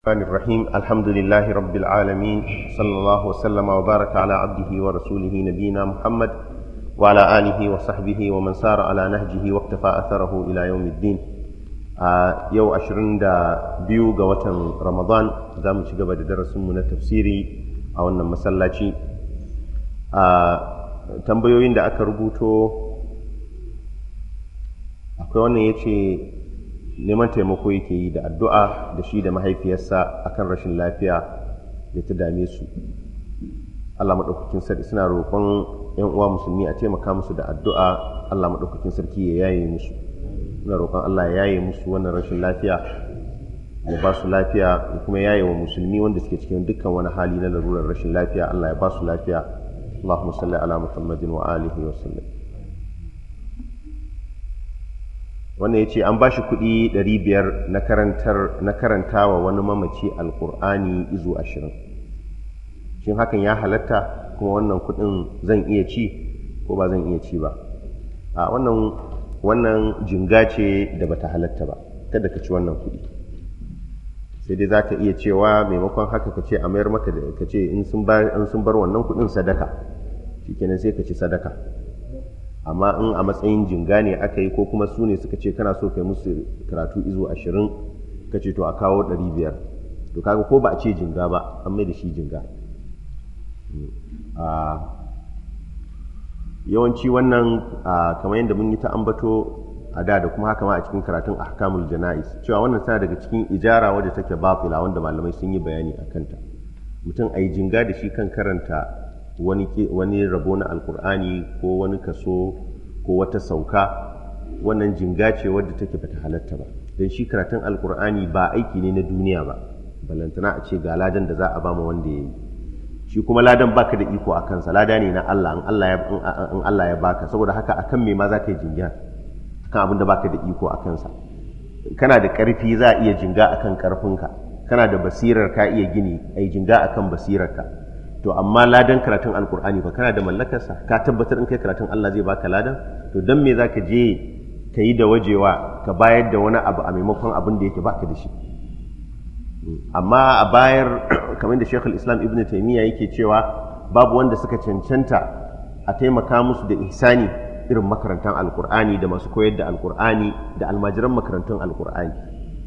الرحمن الرحيم الحمد لله رب العالمين صلى الله وسلم وبارك على عبده ورسوله نبينا محمد وعلى آله وصحبه ومن سار على نهجه واقتفى أثره إلى يوم الدين آه يو أشرن دا بيو قوة رمضان زام شقبة درس من تفسيري أو أن مسلاتي آه تنبيوين دا أكربوتو أكوان يتي neman taimako yake yi da addu'a da shi da mahaifiyarsa akan rashin lafiya da ta dame su Allah maɗaukakin sarki suna roƙon 'yan uwa musulmi a taimaka musu da addu'a Allah maɗaukakin sarki ya yaye musu suna roƙon Allah ya yaye musu wannan rashin lafiya ya ba su lafiya ya kuma yaye wa musulmi wanda suke cikin dukkan wani hali na larurar rashin lafiya Allah ya ba su lafiya Allahumma salli ala Muhammadin wa alihi wa sallam wannan ya ce an ba shi kuɗi 500 na karanta wa wani mamaci alƙur'ani izu ashirin shin hakan ya halatta kuma wannan kuɗin zan iya ci ko ba zan iya ci ba a wannan jinga ce da bata halatta ba kada ka ci wannan kuɗi sai dai za ka iya cewa maimakon haka ka ce a mayar maka da ka ce in sun bar wannan kuɗin sadaka kenan sai ka ci sadaka amma in a matsayin jinga ne aka yi ko kuma su ne suka ce kana so kai musu karatu izo ashirin ka ce to a kawo ɗari biyar to kaga ko ba a ce jinga ba an mai da shi jinga hmm. ah, yawanci wannan ah, kamar yadda mun yi ta ambato a da da kuma haka ma a cikin karatun ahkamul jana'is cewa wannan tana daga cikin ijara wadda take bafila wanda malamai sun yi bayani a kanta mutum a yi jinga da shi kan karanta wani rabo na alkur'ani ko wani kaso ko wata sauka wannan jinga ce wadda take bata halatta ba don shi karatun alkur'ani ba aiki ne na duniya ba balantana a ce ga ladan da za a ba mu wanda ya yi shi kuma ladan baka da iko a kansa lada ne na Allah in Allah ya baka saboda haka akan me ma za ka yi jinga kan abin da baka da iko a kansa kana da karfi za a iya jinga a kan karfinka kana da basirar ka iya gini yi jinga a akan basirarka to amma ladan karatun alkur'ani ba kana da mallakarsa ka tabbatar in kai karatun Allah zai baka ladan to dan me zaka je ka yi da wajewa ka bayar da wani abu a maimakon abin da yake baka da shi amma a bayar kamar da Sheikhul Islam Ibn Taymiyyah yake cewa babu wanda suka cancanta a taimaka musu da ihsani irin makarantar alkur'ani da masu koyar da alkur'ani da almajiran makarantun alkur'ani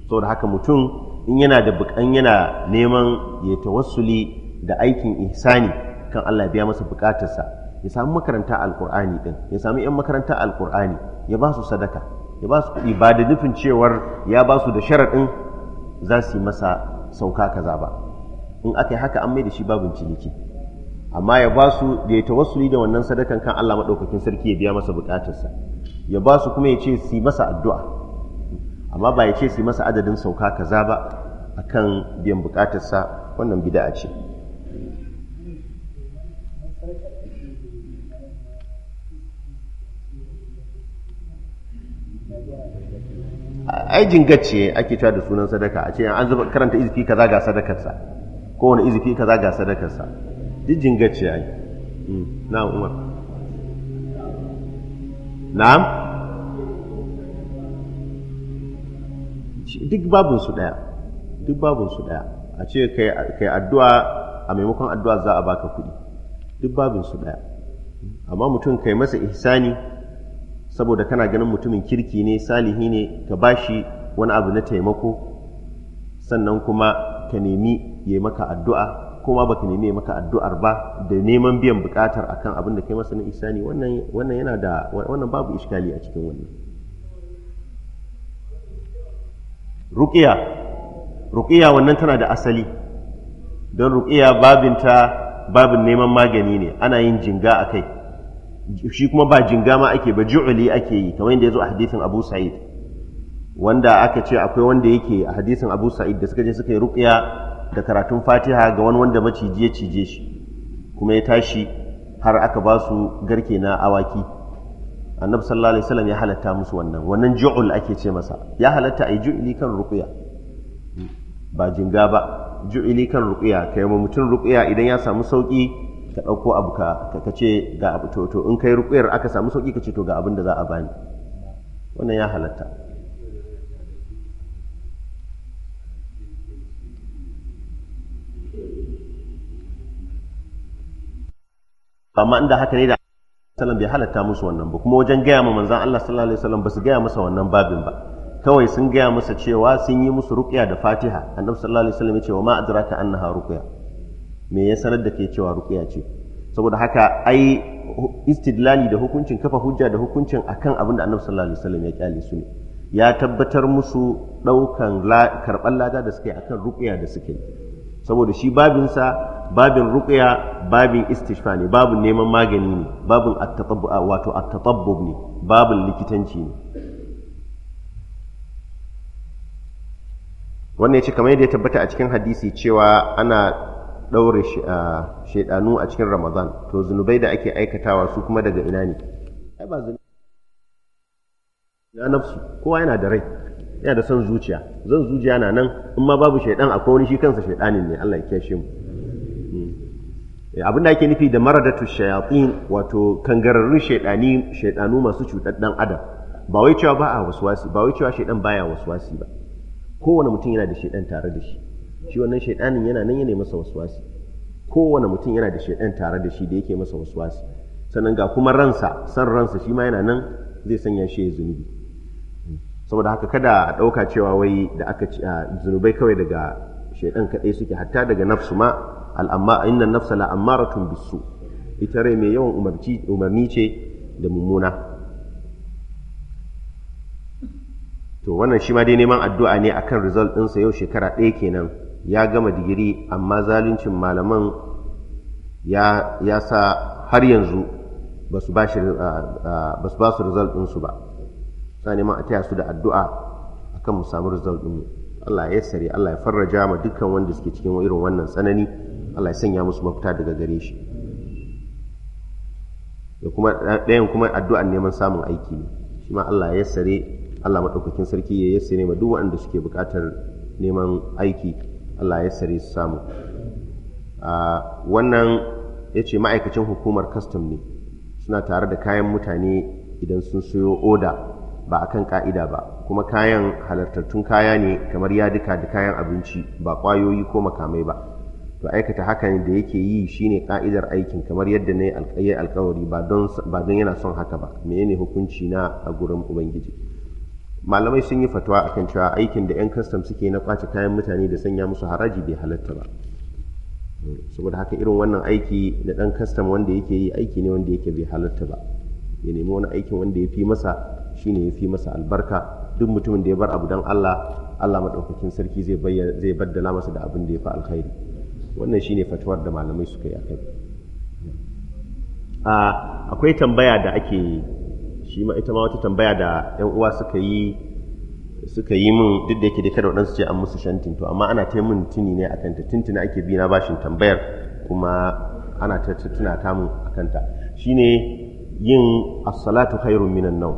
saboda haka mutum in yana da bukan yana neman ya tawassuli da aikin ihsani kan Allah biya masa bukatarsa ya samu makaranta alkur'ani din ya samu yan makaranta alkur'ani ya ba su sadaka ya ba su kuɗi ba da nufin cewar ya ba su da sharaɗin za su yi masa sauka kaza ba in aka yi haka an mai da shi babin ciniki amma ya ba su da ya tawassuli da wannan sadakan kan Allah maɗaukakin sarki ya biya masa bukatarsa ya ba su kuma ya ce su yi masa addu'a amma ba ya ce su yi masa adadin sauka kaza ba akan biyan bukatarsa wannan bida'a ce ai jingacce ake cewa da sunan sadaka a ce an zuba karanta izifi kaza ga sadakarsa kowane izifi kaza ga sadakarsa duk jingacce ai hmm. na'am umar na'am duk babun su daya duk babun su daya a ce kai addu'a a maimakon addu'a za a baka kuɗi duk babun su daya amma mutum kai masa ihsani saboda kana ganin mutumin kirki ne salihi ne ka bashi wani abu na taimako sannan kuma ka nemi ya maka addu'a kuma baka nemi ya maka addu'ar ba da neman biyan bukatar akan abin da kai masa na isani wannan wannan yana da wannan babu iskali a cikin wannan ruqiya ruqiya wannan tana da asali don ruqiya babinta babin neman magani ne ana yin jinga a kai shi kuma ba jingama ake ba ju'uli ake yi kamar yadda ya zo a hadisin abu sa'id wanda aka ce akwai wanda yake a hadisin abu sa'id da suka je suka yi ruqya da karatun fatiha ga wani wanda maciji ya cije shi kuma ya tashi har aka ba su garke na awaki annabi sallallahu alaihi wasallam ya halatta musu wannan wannan ju'ul ake ce masa ya halatta ai ju'uli kan ruqya ba jinga ba ju'uli kan ruqya kai mutum ruqya idan ya samu sauki ka ɗauko abu ka ka ce ga abu to to in kai rukuyar aka samu sauƙi ka ce to ga abin da za a bani wannan ya halatta amma inda haka ne da sallam bai halatta musu wannan ba kuma wajen gaya ma manzan Allah sallallahu alaihi wasallam ba su gaya masa wannan babin ba kawai sun gaya masa cewa sun yi musu ruqya da Fatiha annabi sallallahu alaihi wasallam ya ce wa ma adraka annaha ruqya me ya sanar da ke cewa ruqya ce saboda haka ai istidlali da hukuncin kafa hujja da hukuncin akan abin da annabi sallallahu alaihi wasallam ya kyale su ne ya tabbatar musu daukan karban lada da suke akan ruqya da suke saboda shi babinsa babin ruqya babin istishfa ne babin neman magani ne babin at-tatabbu wato at ne babin likitanci ne wannan ya ce kamar yadda ya tabbata a cikin hadisi cewa ana ɗaure shaidanu a cikin ramadan to zunubai da ake aikatawa su kuma daga ina ne ai ba zunubai na nafsu kowa yana da rai yana da son zuciya zan zuciya na nan in ma babu shaidan akwai wani shi kansa shaidanin ne Allah ya kiyashe mu hmm. eh, abin da ake nufi da maradatu shayatin wato kangararrun shaidani shaidanu masu cutar adam ba wai cewa ba a wasuwasi ba wai cewa shaidan baya wasuwasi ba kowane mutum yana da shaidan tare da shi shi wannan shaidanin yana nan yana masa waswasi kowane mutum yana da shaidan tare da shi da yake masa waswasi sannan ga kuma ransa san ransa shi ma yana nan zai sanya shi ya zunubi saboda haka kada a ɗauka cewa wai da aka ci zunubai kawai daga shaidan kaɗai suke hatta daga nafsu ma al'amma inna nafsa la amaratun bisu ita rai mai yawan umarni ce da mummuna to wannan shi ma dai neman addu'a ne akan result ɗinsa yau shekara ɗaya kenan ya gama digiri amma zaluncin malaman ya, sa har yanzu ba su ba su result ɗinsu ba sa neman a taya su da addu'a akan mu samu result ɗinmu Allah ya sare Allah ya farraja ma dukkan wanda suke cikin irin wannan tsanani Allah ya sanya musu mafita daga gare shi da kuma ɗayan kuma addu'an neman samun aiki ne shi ma Allah ya sare Allah maɗaukakin sarki ya yassare ma duk waɗanda suke buƙatar neman aiki Allah ya sare su samu wannan ya ce ma'aikacin hukumar kastam ne suna tare da kayan mutane idan sun soyo oda ba a kan ka'ida ba kuma kayan halartattun kaya ne kamar yadika da kayan abinci ba ƙwayoyi ko makamai ba to aikata hakan da yake yi shine ka'idar aikin kamar yadda na yi alkawari ba don yana son haka ba menene hukunci na a gurin ubangiji malamai sun yi fatawa kan cewa aikin da 'yan kastam suke na kwace kayan mutane da sanya musu haraji bai halatta ba saboda haka irin wannan aiki na dan kastam wanda yake yi aiki ne wanda yake bai halatta ba ya nemi wani aikin wanda ya fi masa shine ya fi masa albarka duk mutumin da ya bar abu don Allah Allah maɗaukakin sarki zai bayyana zai baddala masa da abin da ya fi alkhairi wannan shine fatuwar da malamai suka yi akai akwai tambaya da ake shi ma ita ma wata tambaya da yan uwa suka yi suka yi min duk da yake dai kada waɗansu ce an musu shantin to amma ana ta tuni ne a kanta tuntuna ake bi na bashin tambayar kuma ana ta tuna ta min a kanta. shine yin as-salatu khairun minan nawm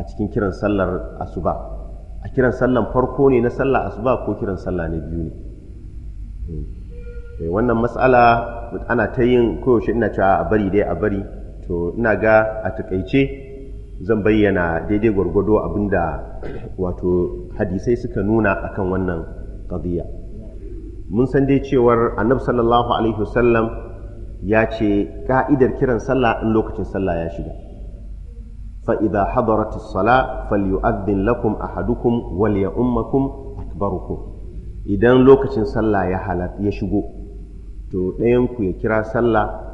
a cikin kiran sallar asuba a kiran sallan farko ne na sallar asuba ko kiran sallah na biyu ne eh, eh, wannan mas'ala ana ta yin koyaushe ina cewa a bari dai a bari to ina ga a takaice zan bayyana daidai gwargwado abinda wato hadisai suka nuna akan wannan ƙabiya mun san dai cewar annabi sallallahu alaihi wasallam ya ce ka'idar kiran sallah in lokacin sallah ya shiga faiza idza hadarat as-sala falyu'adhdhin lakum ahadukum wal ya'ummakum akbarukum idan lokacin sallah ya ya shigo to ɗayan ku ya kira sallah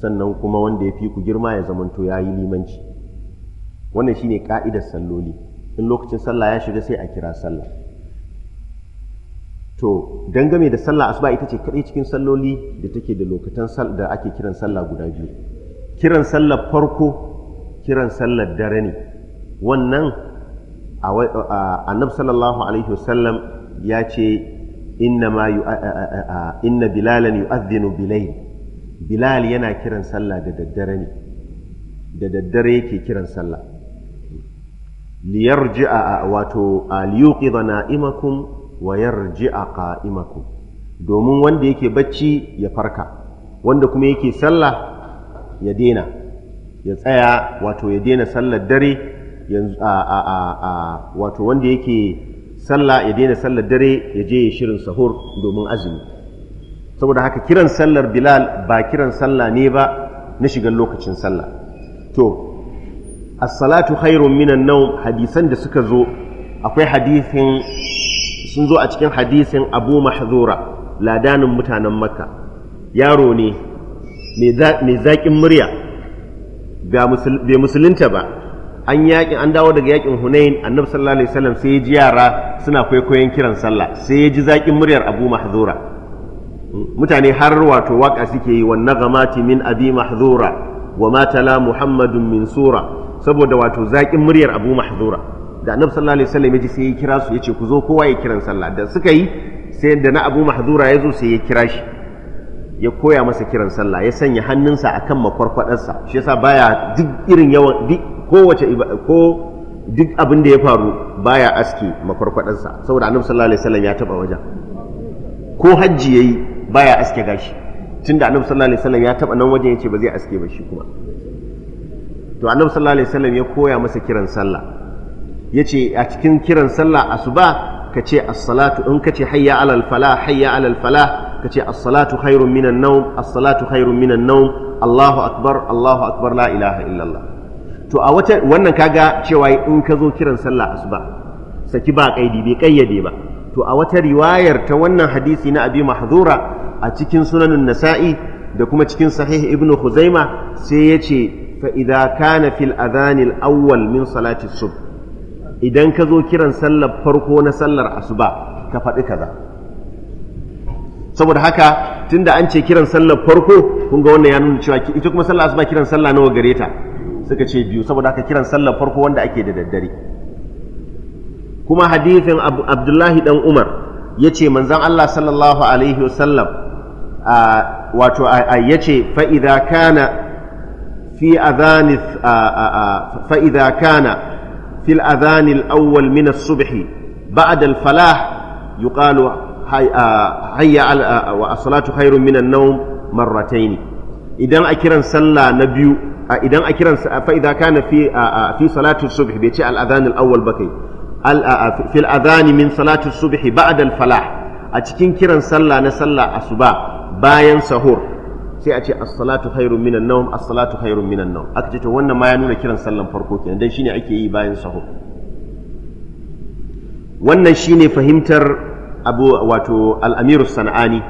sannan kuma wanda ya fi ku girma ya zamanto ya yi limanci wannan shine ka'idar salloli in lokacin sallah ya shiga sai a kira sallah to dangane da sallah asuba ita ce kaɗai cikin salloli da take da lokacin da ake kiran sallah guda biyu kiran sallar farko kiran sallar dare ne wannan annab sallallahu alaihi wasallam ya ce inna bilalan yu'adhdhinu bilayl bilal yana kiran sallah da daddare ne da daddare yake kiran sallah yarjia wato aliyuqidha na'imakum wa yarji'a qa'imakum domin wanda yake bacci ya farka wanda kuma yake sallah ya dena ya tsaya wato ya dena sallar dare yanzu wato wanda yake sallah ya dena sallar dare ya je ya shirin sahur domin azumi saboda haka kiran sallar bilal ba kiran sallah ne ba na shigan lokacin sallah to as-salatu khairun minan nawm hadisan da suka zo akwai hadisin sun zo a cikin hadisin abu mahzura ladanin mutanen makka yaro ne mai zaƙin murya bai musulunta ba an yaƙi an dawo daga yaƙin hunain annabi sallallahu alaihi wasallam sai ya ji yara suna kwaikwayon kiran sallah sai ya ji zaƙin muryar abu mahzura mutane har wato waka suke yi wannan gamati min abi mahzura wa matala muhammadun min sura saboda wato zaƙin muryar abu mahzura da annabi sallallahu alaihi wasallam yaji sai ya kira su yace ku zo kowa ya kiran sallah da suka yi sai da na abu mahzura ya zo sai ya kira shi ya koya masa kiran sallah ya sanya hannunsa akan makwarkwadarsa shi yasa baya duk irin yawan duk kowace ko duk abin da ya faru baya aski makwarkwadarsa saboda annabi sallallahu alaihi wasallam ya taba wajen ko hajji yayi baya aske gashi tunda annabi sallallahu alaihi wasallam ya taba nan wajen yace ba zai aske ba shi kuma to annabi sallallahu alaihi wasallam ya koya masa kiran sallah yace a cikin kiran sallah asuba ka ce as-salatu in ka ce hayya alal falah hayya alal falah ka ce as-salatu khairun minan nawm as-salatu khairun minan nawm Allahu akbar Allahu akbar la ilaha illallah to a wata wannan kaga cewa in ka zo kiran sallah asuba saki ba kaidi bai kayyade ba to a wata riwayar ta wannan hadisi na abi mahdura a cikin sunanin nasa'i da kuma cikin sahih ibn huzaima sai ya ce fa idza kana fil adhanil awwal min salati sub idan ka zo kiran sallar farko na sallar asuba ka faɗi kaza saboda haka tunda an ce kiran sallar farko kun ga wannan ya nuna cewa ita kuma sallar asuba kiran sallah nawa gare ta suka ce biyu saboda haka kiran sallar farko wanda ake da daddare kuma hadithin abdullahi dan umar ya ce manzan allah sallallahu alaihi wasallam wato yace fa idza kana fi adhan fa idza kana fi al awwal min as-subh ba'da al-falah yuqalu hayya wa salatu khairun min an-nawm marratayn idan a kiran sallah na biyu idan a kiran fa idza kana fi fi salati bai ce al-adhan al-awwal bakai fi al-adhan min salatu as-subh ba'da al-falah a cikin kiran sallah na sallah asuba bayan sahur sai a ce as-salatu khairun minan nawm as-salatu khairun minan nawm aka ce to wannan ma ya nuna kiran sallan farko kenan dan shine ake yi bayan sahur wannan shine fahimtar abu wato al-amir sanani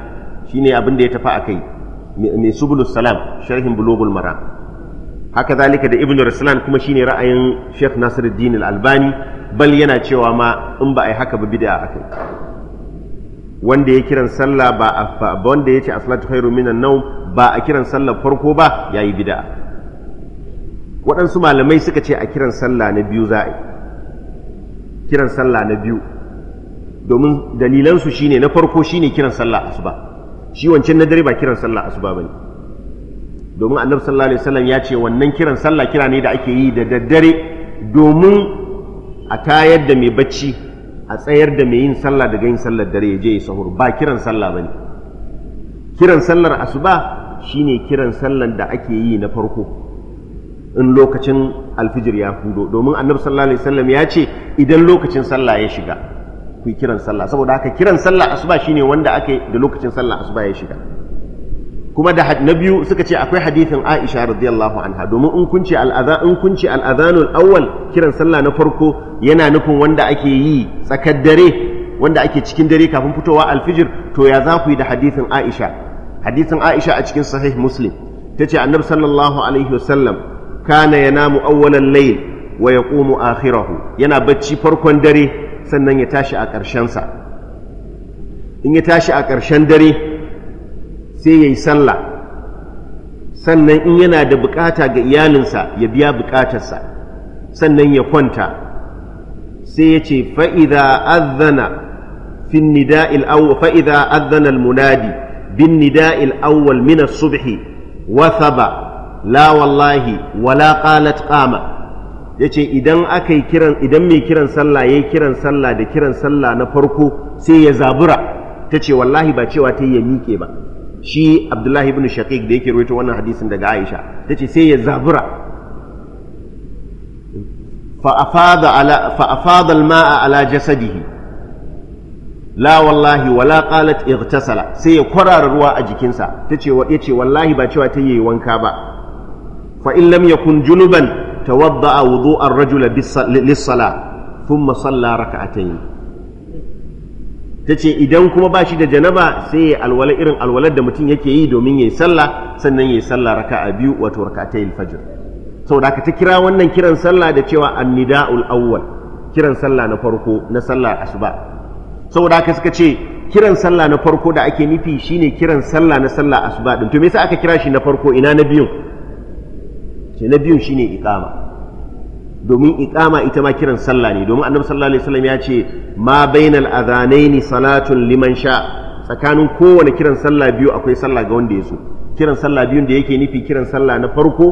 shine abin da ya tafi akai mai subulus salam sharhin bulugul maram haka zalika da ibnu ruslan kuma shine ra'ayin sheikh nasiruddin al-albani bal yana cewa ma in ba a yi haka ba bid'a akai wanda ya kiran sallah ba a wanda ya ce aslatu khairu minan naum ba a kiran sallah farko ba yayi bid'a waɗansu malamai suka ce a kiran sallah na biyu za'a kiran sallah na biyu domin dalilansu shine na farko shine kiran sallah asuba shi wancan na dare ba kiran sallah asuba bane domin annabi sallallahu alaihi wasallam ya ce wannan kiran sallah kira ne da ake yi da daddare domin a tayar da mai bacci a tsayar da mai yin sallah daga yin sallar dare ya je ya sahur ba kiran sallah bane kiran sallar asuba shine kiran sallar da ake yi na farko in lokacin alfijir ya hudo domin annabi sallallahu alaihi wasallam ya ce idan lokacin sallah ya shiga ku kiran sallah saboda haka kiran sallah asuba shine wanda ake da lokacin sallah asuba ya shiga kuma da na biyu suka ce akwai hadithin Aisha radiyallahu anha domin in kunce al'adha in kunce al'adhanul awwal kiran sallah na farko yana nufin wanda ake yi tsakar dare wanda ake cikin dare kafin fitowa alfijir to ya za ku yi da hadithin Aisha hadithin Aisha a cikin sahih Muslim tace annabi sallallahu alaihi wasallam kana yanamu awwalal layl wa yaqumu akhirahu yana bacci farkon dare sannan ya tashi a ƙarshen sa in ya tashi a ƙarshen dare sai ya yi sallah sannan in yana da bukata ga iyalinsa ya biya bukatarsa sannan ya kwanta sai ya ce fa'iza azana fin nida'il awwal fa'iza azana munadi bin nida'il awwal min subhi wa thaba la wallahi wala qalat qama ya ce idan aka yi kiran idan mai kiran sallah ya yi kiran sallah da kiran sallah na farko sai ya zabura ta ce wallahi ba cewa ta yi ya miƙe ba shi abdullahi ibn shaqiq da yake rawaito wannan hadisin daga aisha ce sai ya zabura fa afada ala ala jasadihi la wallahi wala qalat ightasala sai ya kwarara ruwa a jikinsa tace yace wallahi ba cewa ta yi wanka ba fa in lam yakun junuban tawadda'a wudu'ar rajula lis-salah thumma salla raka'atayn ta ce idan kuma ba shi da janaba sai ya alwala irin alwalar da mutum yake yi domin ya yi sallah sannan ya yi sallah raka a biyu wato raka ta yi fajir saboda ka ta kira wannan kiran sallah da cewa annida'ul awwal kiran sallah na farko na sallah asuba saboda ka suka ce kiran sallah na farko da ake nufi shine kiran sallah na sallah asuba to me yasa aka kira shi na farko ina na biyun ce na biyun shine iqama domin iqama ita ma kiran sallah ne domin annabi sallallahu alaihi wasallam ya ce ma bainal adhanaini salatun liman sha tsakanin kowane kiran sallah biyu akwai sallah ga wanda ya so kiran sallah biyun da yake nufi kiran sallah na farko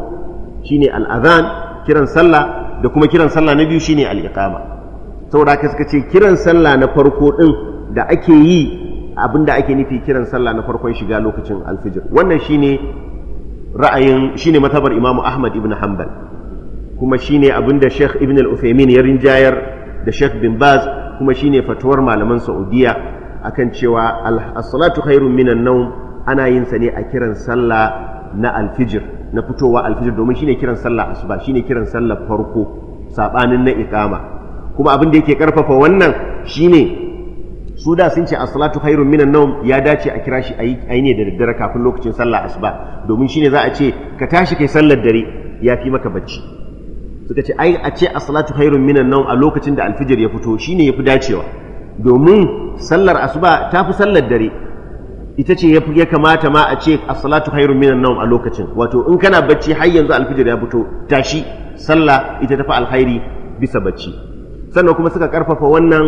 shine al-adhan kiran sallah da kuma kiran sallah na biyu shine al-iqama saboda haka suka ce kiran sallah na farko din da ake yi abinda ake nufi kiran sallah na farkon shiga lokacin alfijir wannan shine ra'ayin shine matabar imamu ahmad ibn hanbal kuma shine abin da Sheikh Ibn al-Uthaymeen ya rinjayar da Sheikh bin Baz kuma shi ne fatuwar malaman Saudiya akan cewa as-salatu khairun minan nawm ana yin sa ne a kiran sallah na alfijir na fitowa alfijir domin shine kiran sallah asuba shine kiran sallah farko sabanin na iqama kuma abin da yake karfafa wannan shine su da sun ce as-salatu khairun minan nawm ya dace a kira shi ayi ne da daddare kafin lokacin sallah asuba domin shine za a ce ka tashi kai sallar dare ya fi maka bacci suka ce ai a ce as-salatu khairun minan nawm a lokacin da alfijir ya fito shine yafi dacewa domin sallar asuba ta fi sallar dare ita ce ya kamata ma a ce as-salatu khairun minan nawm a lokacin wato in kana bacci har yanzu alfijir ya fito tashi sallah ita tafi alkhairi bisa bacci sannan kuma suka karfafa wannan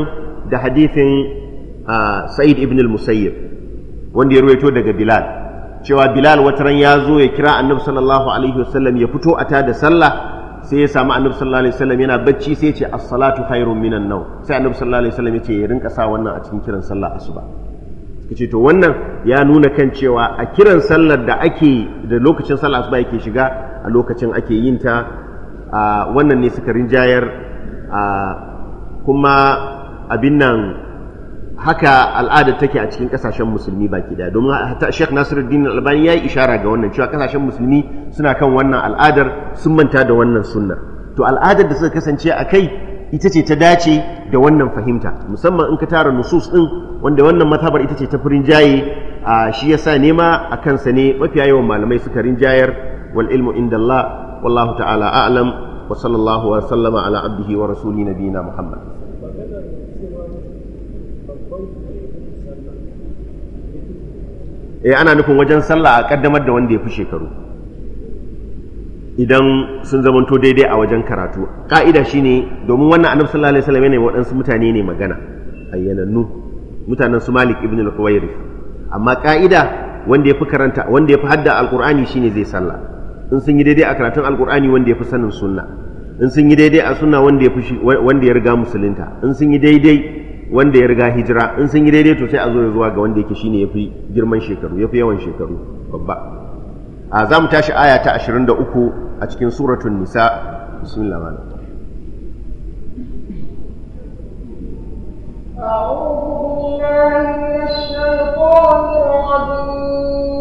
da hadithin Sa'id ibn al-Musayyib wanda ya ruwaito daga Bilal cewa Bilal wataran ya zo ya kira Annabi sallallahu alaihi wasallam ya fito a da sallah sai ya samu annabi sallallahu alaihi wasallam yana bacci sai ce as-salatu khairun minan naw sai annabi sallallahu alaihi wasallam ya rinka sa wannan a cikin kiran sallah asuba kace to wannan ya nuna kan cewa a kiran sallar da ake da lokacin sallah asuba yake shiga a lokacin ake yin ta wannan ne suka rinjayar kuma abin nan haka al'ada take a cikin kasashen musulmi baki daya domin hatta Sheikh Nasiruddin Albani yi ishara ga wannan cewa kasashen musulmi suna kan wannan al'adar sun manta da wannan sunna to al'adar da suka kasance a kai ita ce ta dace da wannan fahimta musamman in ka tara nusus din wanda wannan matabar ita ce ta furin jaye a shi yasa nema a kansa ne mafiya yawan malamai suka rinjayar wal ilmu indallah wallahu ta'ala a'lam wa sallallahu wa sallama ala abdihi wa rasuli nabiyina muhammad E, ana nufin wajen sallah a kaddamar da wanda ya fi shekaru idan sun zamanto daidai a wajen karatu ka'ida shine domin wannan annabi sallallahu alaihi wasallam yana waɗansu mutane ne magana ayyanannu mutanen su Malik ibn al amma ka'ida wanda ya fi karanta wanda ya fi hadda alqur'ani shine zai sallah in sun yi daidai a karatun alqur'ani wanda ya fi sanin sunna in sun yi daidai a sunna wanda ya fi wanda ya riga musulunta in sun yi daidai wanda ya riga hijira in sun yi daidai to sai a zo ya zuwa ga wanda yake shine yafi girman shekaru yafi yawan shekaru babba a za mu tashi aya ta 23 a cikin suratun nisa bismillah ma'ana أعوذ بالله من الشيطان الرجيم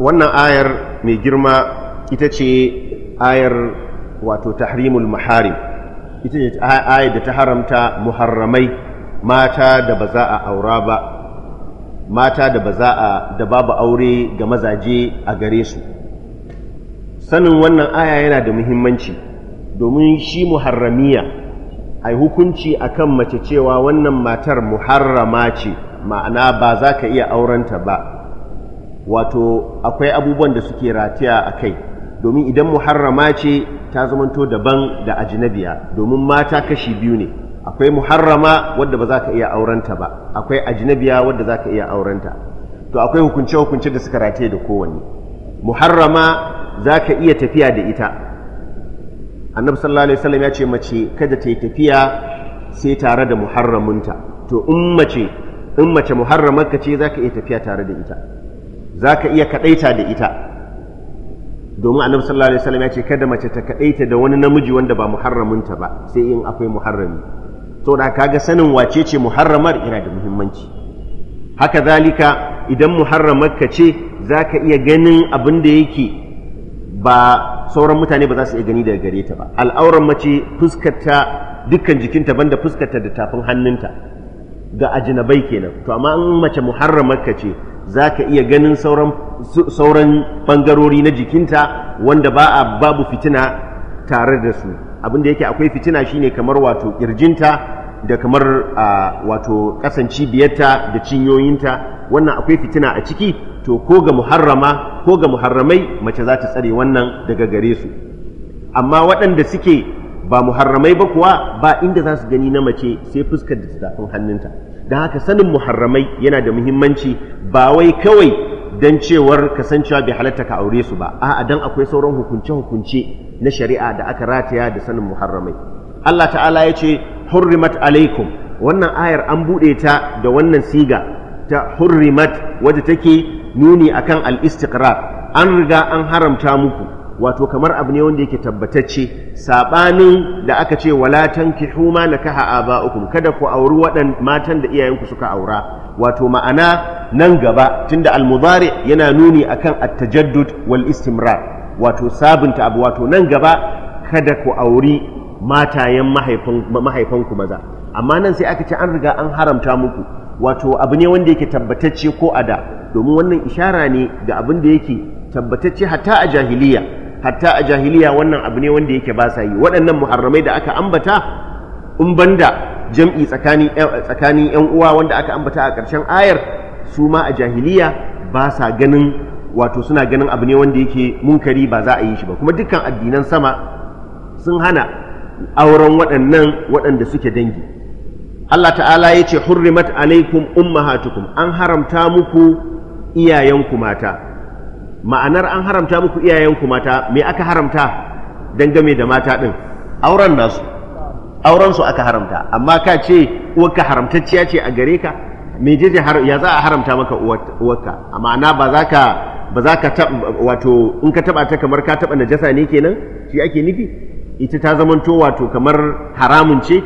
wannan ayar mai girma ita ce ayar wato tahrimul maharim ita ce ayar da ta haramta muharramai mata da ba za a aura ba mata da ba za a da babu aure ga mazaje a gare su sanin wannan aya yana da muhimmanci domin shi muharramiya a hukunci a kan mace cewa wannan matar muharrama ce ma'ana ba za ka iya aurenta ba wato akwai abubuwan da suke rataya a kai domin idan muharrama ce ta zamanto daban da ajinabiya domin mata kashi biyu ne akwai muharrama wadda ba za ka iya aurenta ba akwai ajinabiya wadda za ka iya aurenta to akwai hukunce-hukunce da suka rataya da kowanne muharrama za ka iya tafiya da ita annabi sallallahu alaihi ya ce mace kada ta yi tafiya sai tare da muharramunta to in mace in mace muharramarka ce za ka iya tafiya tare da ita za ka iya kaɗaita da ita domin annabi sallallahu alaihi wasallam ya ce kada mace ta kaɗaita da wani namiji wanda ba muharraminta ba sai in akwai muharrami To saboda kaga sanin wace ce muharramar yana da muhimmanci haka zalika idan muharramarka ce za ka iya ganin abin da yake ba sauran mutane ba za su iya gani daga gare ta ba al'auran mace fuskarta dukkan jikinta banda fuskarta da tafin hannunta ga ajinabai kenan to amma in mace muharramar ka ce za ka iya ganin sauran bangarori na jikinta wanda ba a babu fitina tare da su abinda yake akwai fitina shine kamar wato ƙirjinta da kamar wato ƙasan cibiyarta da cinyoyinta wannan akwai fitina a ciki to ko ga muharrama ko ga muharramai mace za ta tsare wannan daga gare su amma waɗanda suke ba muharramai ba kuwa ba inda za su gani na mace sai fuskar da hannunta Da haka sanin muharramai yana da muhimmanci ba wai kawai don cewar kasancewa bai halatta ka aure su ba a'a dan akwai sauran hukunce-hukunce na shari'a da aka rataya da sanin muharramai Allah ta'ala ya ce hurrimat alaikum wannan ayar an buɗe ta da wannan siga ta hurrimat wadda take nuni akan al-istiqrar an riga an haramta muku wato kamar abu ne wanda yake tabbatacce sabanin da aka ce wala tankihu ma nakaha aba'ukum kada ku auri waɗan matan da iyayenku suka aura wato ma'ana nan gaba tunda almudari yana nuni akan at-tajaddud wal istimrar wato sabunta abu wato nan gaba kada ku auri matayen mahaifanku maza amma nan sai aka ce an riga an haramta muku wato abu ne wanda yake tabbatacce ko a da domin wannan ishara ne ga abin da yake tabbatacce hatta a jahiliya hatta a jahiliya wannan abu ne wanda yake ba sa yi waɗannan muharramai da aka ambata in banda jam'i tsakanin eh, tsakanin yan uwa wanda aka ambata a ƙarshen ayar su ma a jahiliya ba sa ganin wato suna ganin abu ne wanda yake munkari ba za a yi shi ba kuma dukkan addinan sama sun hana auren waɗannan waɗanda suke dangi Allah ta'ala ya ce hurrimat alaikum ummahatukum an haramta muku iyayenku mata ma'anar an haramta muku iyayenku mata me aka haramta dangame da mata ɗin auren nasu auren su aka haramta amma ka ce uwarka haramtacciya ce a gare ka mejeje ya za a haramta maka uwarka a ma'ana ba za ka ba wato in ka taba ta kamar ka taba najasa ne kenan shi ake nufi ita ta zamanto wato kamar haramun ce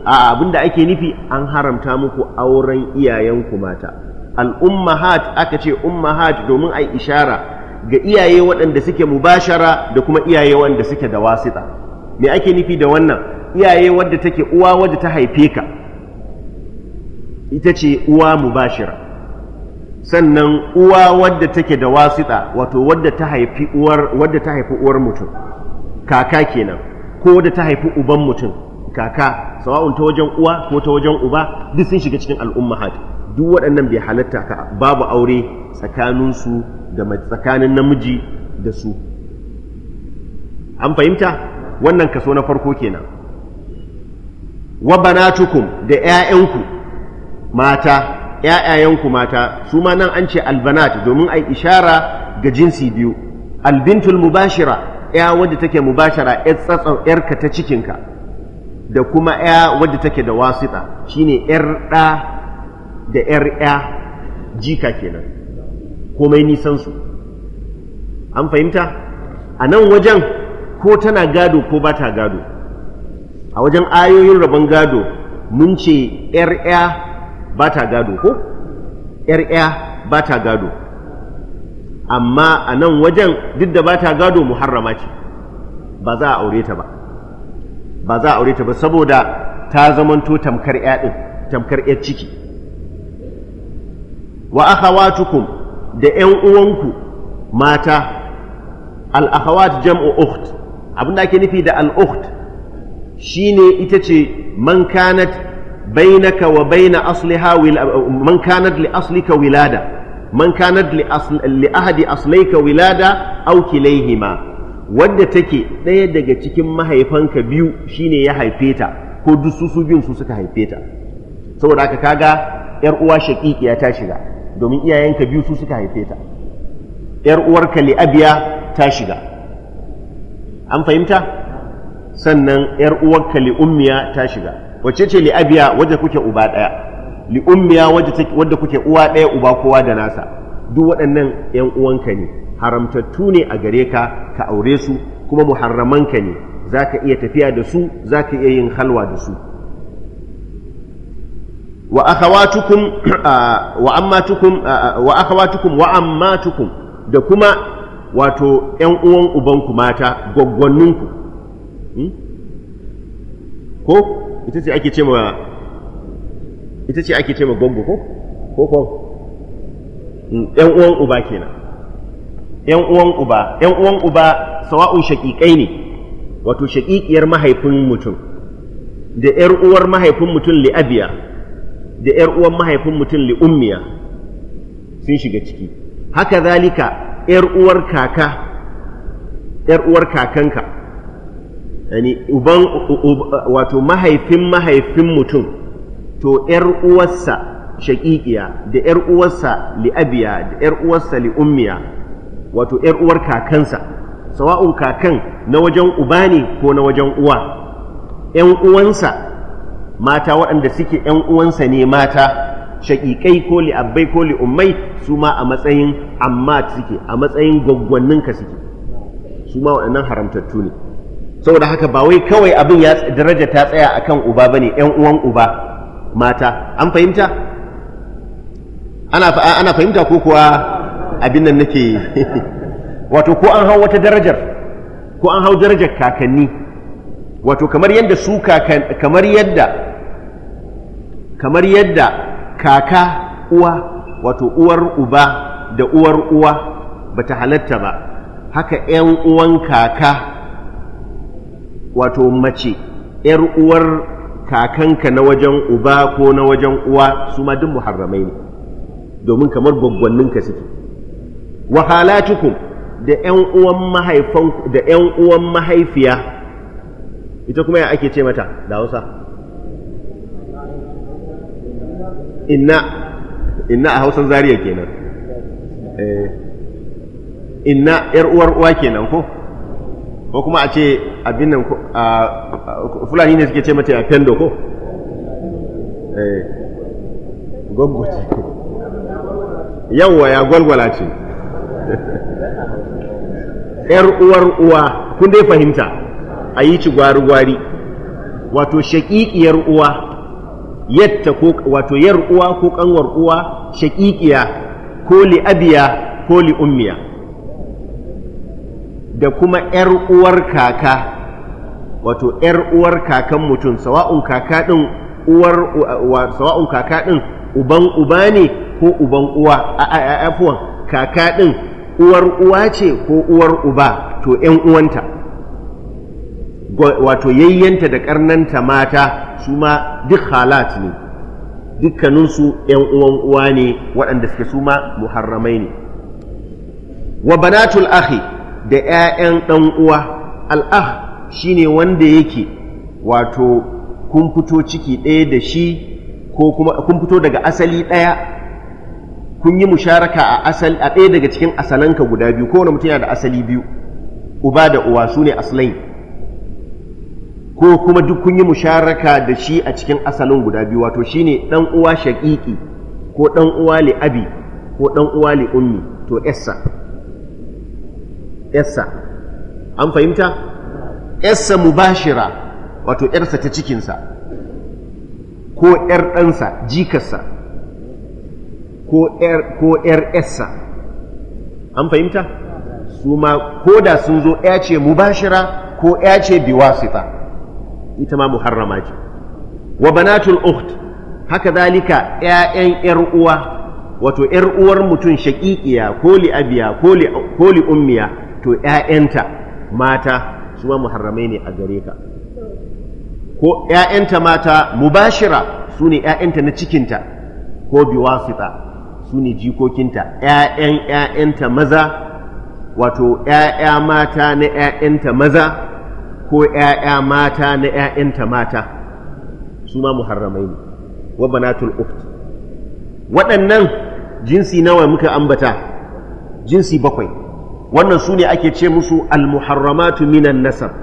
a abin da ake nufi an haramta muku auren iyayenku mata al'ummahat aka ce ummahat domin a ishara ga iyaye waɗanda suke mubashara da kuma iyaye waɗanda suke da wasita me ake nufi da wannan iyaye wadda take uwa wadda ta haife ka ita ce uwa mubashira sannan uwa wadda take da wasita wato wadda ta haifi uwar wadda ta haifi uwar mutum kaka kenan ko wadda ta haifi uban mutum kaka sawa'un ta wajen uwa ko ta wajen uba duk sun shiga cikin al'ummahat duk waɗannan bai halatta ka babu aure tsakaninsu da tsakanin namiji da su an fahimta wannan kaso na farko kenan wa banatukum da 'ya'yanku mata yayayanku mata su ma nan an ce albanat domin a ishara ga jinsi biyu albintul mubashira ‘ya wadda take mubashara ‘yarka ta cikinka da kuma ‘ya wadda take da wasita shine ‘yar ɗa da ‘yar ‘ya jika kenan komai nisansu an fahimta a nan wajen ko tana gado ko ba ta gado a wajen ayoyin rabon gado mun ce ‘yar ‘ya ba ta gado ko ‘yar ‘ya ba ta gado amma a nan wajen duk da ba ta gado muharrama ce ba za a aure ta ba ba za a aure ta ba saboda ta zamanto tamkar ‘ya ɗin tamkar ‘yar ciki wa akhawatukum da ƴan uwanku mata al akhawat jam'u ukht abinda ake nufi da al ukht shine ita ce man kanat bainaka wa baina asliha man kanat li aslika wilada man kanat li, asl, li ahadi aslaika wilada aw kilayhima wadda take ɗaya daga cikin mahaifanka biyu shine ya haife ta ko duk su biyun su suka haife ta saboda haka kaga yar uwa shaqiqiya ta shiga domin iyayenka biyu su suka haife ta yar uwarka li'abiya ta shiga an fahimta sannan yar uwarka li'ummiya ta shiga wacce ce li'abiya wadda kuke uba ɗaya li'ummiya wadda kuke uwa ɗaya uba kowa da nasa duk waɗannan yan uwanka ne haramtattu ne a gare ka ka aure su kuma muharramanka ne za ka iya tafiya da su za ka iya yin halwa da su wa akhawatukum wa ammatukum da kuma wato 'yan uwan ubanku mata gwaggwanninku hmm? ko ita ce ake ce ma ita ce ake ce ma gongo ko ko ko ƴan hmm, uwan uba kenan ƴan uwan uba ƴan uwan uba sawa'un shaqiqai ne wato shaqiqiyar mahaifin mutum da ƴar uwar mahaifin mutum li'abiya da ‘yar uwan mahaifin mutum li'ummiya sun shiga ciki haka zalika ‘yar uwar kaka ‘yar uwar kakanka yani uban wato mahaifin mahaifin mutum to ‘yar uwarsa shaƙiƙiya da ‘yar uwarsa li'abiya da ‘yar uwarsa li'ummiya wato ‘yar uwar kakansa sawa'un kakan na wajen uba ne ko na wajen uwa ‘yan uwansa mata waɗanda suke ‘yan uwansa ne mata shaƙiƙai ko li'abbai ko li'ummai su ma a matsayin amma suke a matsayin gwaggwanninka suke su ma waɗannan haramtattu ne saboda haka ba wai kawai abin ya daraja ta tsaya a kan uba ba ne, ‘yan uwan uba mata an fahimta ana fahimta ko kuwa abin nan nake wato ko an hau wata darajar ko an hau darajar kakanni wato kamar yadda su kamar yadda kamar yadda kaka uwa wato uwar uba da uwar uwa bata halatta ba haka 'yan uwan kaka wato mace 'yar uwar kakanka na wajen uba ko na wajen uwa su ma duk muharramai ne domin kamar gwaggwanninka suke wahalatukum da 'yan uwan mahaifan da 'yan uwan mahaifiya ita kuma ya ake ce mata da Hausa inna inna a hausan zariya kenan eh, inna yar uwar uwa kenan ko ko kuma a ce abin nan fulani ne suke ce mace a pendo ko eh, gwaggwace yawwa ya gwalgwala ce ‘yar uwar uwa kun dai fahimta a yi ci gwari-gwari wato shaƙiƙiyar uwa yatta ko wato yar uwa ko kanwar uwa shaƙiƙiya ko li ko li da kuma yar uwar kaka wato yar uwar kakan mutum sawa'un kaka ɗin uwar sawa'un kaka din uban uba ne ko uban uwa a afuwan kaka ɗin uwar uwa ce ko uwar uba to yan uwanta wato yayyanta da karnanta mata su ma duk halat ne dukkaninsu ‘yan uwan uwa ne waɗanda suke su ma muharramai ne wa banatul ahi da ‘ya'yan ɗan uwa al'ah shi ne wanda yake wato kun fito ciki ɗaya da shi ko kuma kun fito daga asali ɗaya kun yi musharaka a asali a ɗaya daga cikin asalanka guda biyu kowane mutum yana da asali biyu uba da uwa su ne asalai ko kuma duk kun yi musharaka da shi a cikin asalin guda biyu wato shine dan uwa shaqiqi ko dan uwa li abi ko dan uwa li ummi to essa essa an fahimta essa mubashira wato yarsa ta cikinsa ko yar ɗansa jikarsa ko yar ko yar essa an fahimta su ma ko da sun zo ya ce mubashira ko ya ce biwasita ita ma muharrama ce wa banatul ukht haka zalika ƴaƴan ƴar uwa wato ƴar uwar mutum shaƙiƙiya ko li abiya ko li ummiya to ƴaƴanta mata su ma muharramai ne a gare ka ko ‘ya'yanta mata mubashira su ne ‘ya'yanta na cikinta ko biwasita su ne jikokinta ‘ya'yan ‘ya'yanta maza wato ‘ya'ya mata na ‘ya'yanta maza ko ‘ya'ya mata na ‘ya'yanta mata su ma muharramai ne wa banatul ukt waɗannan jinsi nawa muka ambata jinsi bakwai wannan su ne ake ce musu almuharramatu minan nasab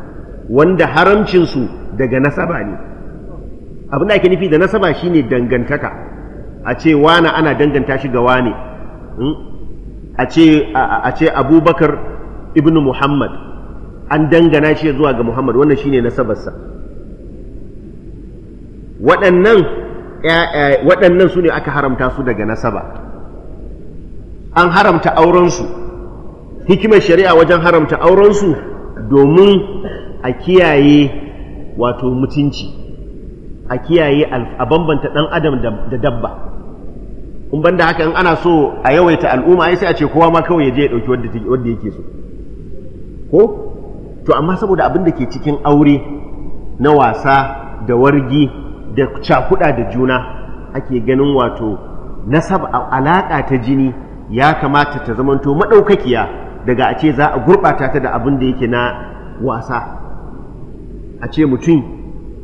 wanda haramcinsu daga nasaba ne abin da ake nufi da nasaba shi ne dangantaka a ce wana ana danganta shi ga wane hmm? a ce abubakar ibn muhammad an dangana shi zuwa ga Muhammad wannan shine nasabarsa waɗannan waɗannan su ne aka haramta su daga nasaba an haramta aurensu hikimar shari'a wajen haramta aurensu domin a kiyaye wato mutunci a kiyaye a bambanta ɗan adam da dabba in banda haka in ana so a yawaita al'umma sai a ce kowa ma kawai ya je ya ɗauki wanda yake so ko to amma saboda abin da ke cikin aure na wasa da wargi da cakuda da juna ake ganin wato nasab alaƙa ta jini ya kamata ta zamanto maɗaukakiya daga a ce za a gurɓata ta da abin da yake na wasa a ce mutum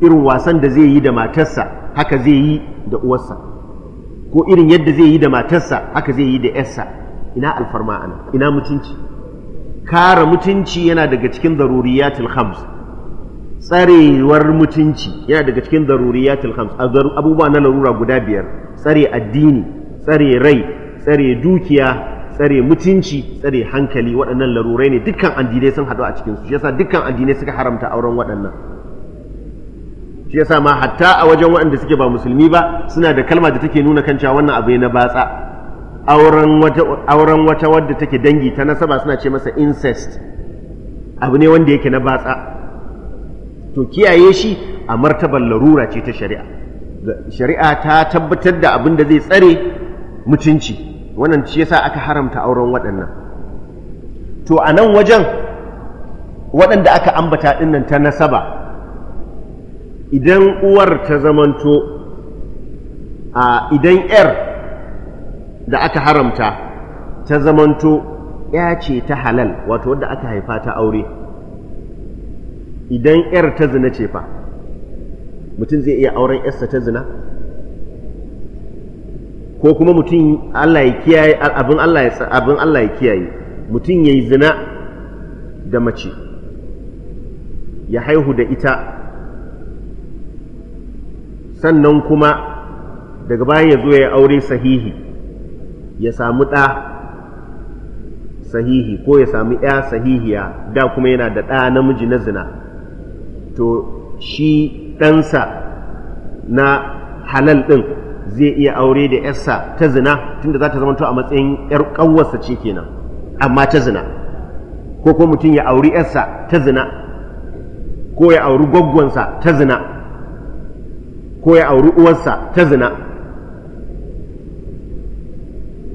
irin wasan da zai yi da matarsa haka zai yi da uwarsa ko irin yadda zai yi da matarsa haka zai yi da yarsa ina alfarma ana ina mutunci kare mutunci yana daga cikin daruriyatul khams tsarewar mutunci yana daga cikin daruriyatul khams abubuwa na larura guda biyar tsare addini tsare rai tsare dukiya tsare mutunci tsare hankali waɗannan larurai ne dukkan addinai sun haɗu a cikinsu su yasa dukkan addinai suka haramta auren waɗannan shi yasa ma hatta a wajen waɗanda suke ba musulmi ba suna da kalma da take nuna kan cewa wannan abu ne na batsa auren wata wadda take dangi ta nasaba suna ce masa incest abu ne wanda yake na batsa to kiyaye shi a martabar larura ce ta shari'a shari'a ta tabbatar da abin da zai tsare mutunci wannan shi yasa aka haramta auren waɗannan to a nan wajen waɗanda aka ambata ɗinnan ta nasaba idan uwar ta zamanto a idan 'yar da aka haramta ta zamanto ya ce ta halal wato wadda aka haifa ta aure idan ‘yar ta zina ce fa mutum zai iya auren ‘yarsa ta zina ko kuma mutum Allah ya kiyaye abin Allah ya abin Allah ya kiyaye mutum yayi zina da mace ya haihu da ita sannan kuma daga baya ya zo ya aure sahihi ya samu ɗa sahihi ko ya samu ya sahihiya da kuma yana da ɗa namiji na zina to shi ɗansa na halal ɗin zai iya aure da yarsa ta zina tunda za ta zama a matsayin yar ƙawarsa ce kenan amma ta zina ko ko mutum ya auri yarsa ta zina ko ya auri gwaggwansa ta zina ko ya auri uwarsa ta zina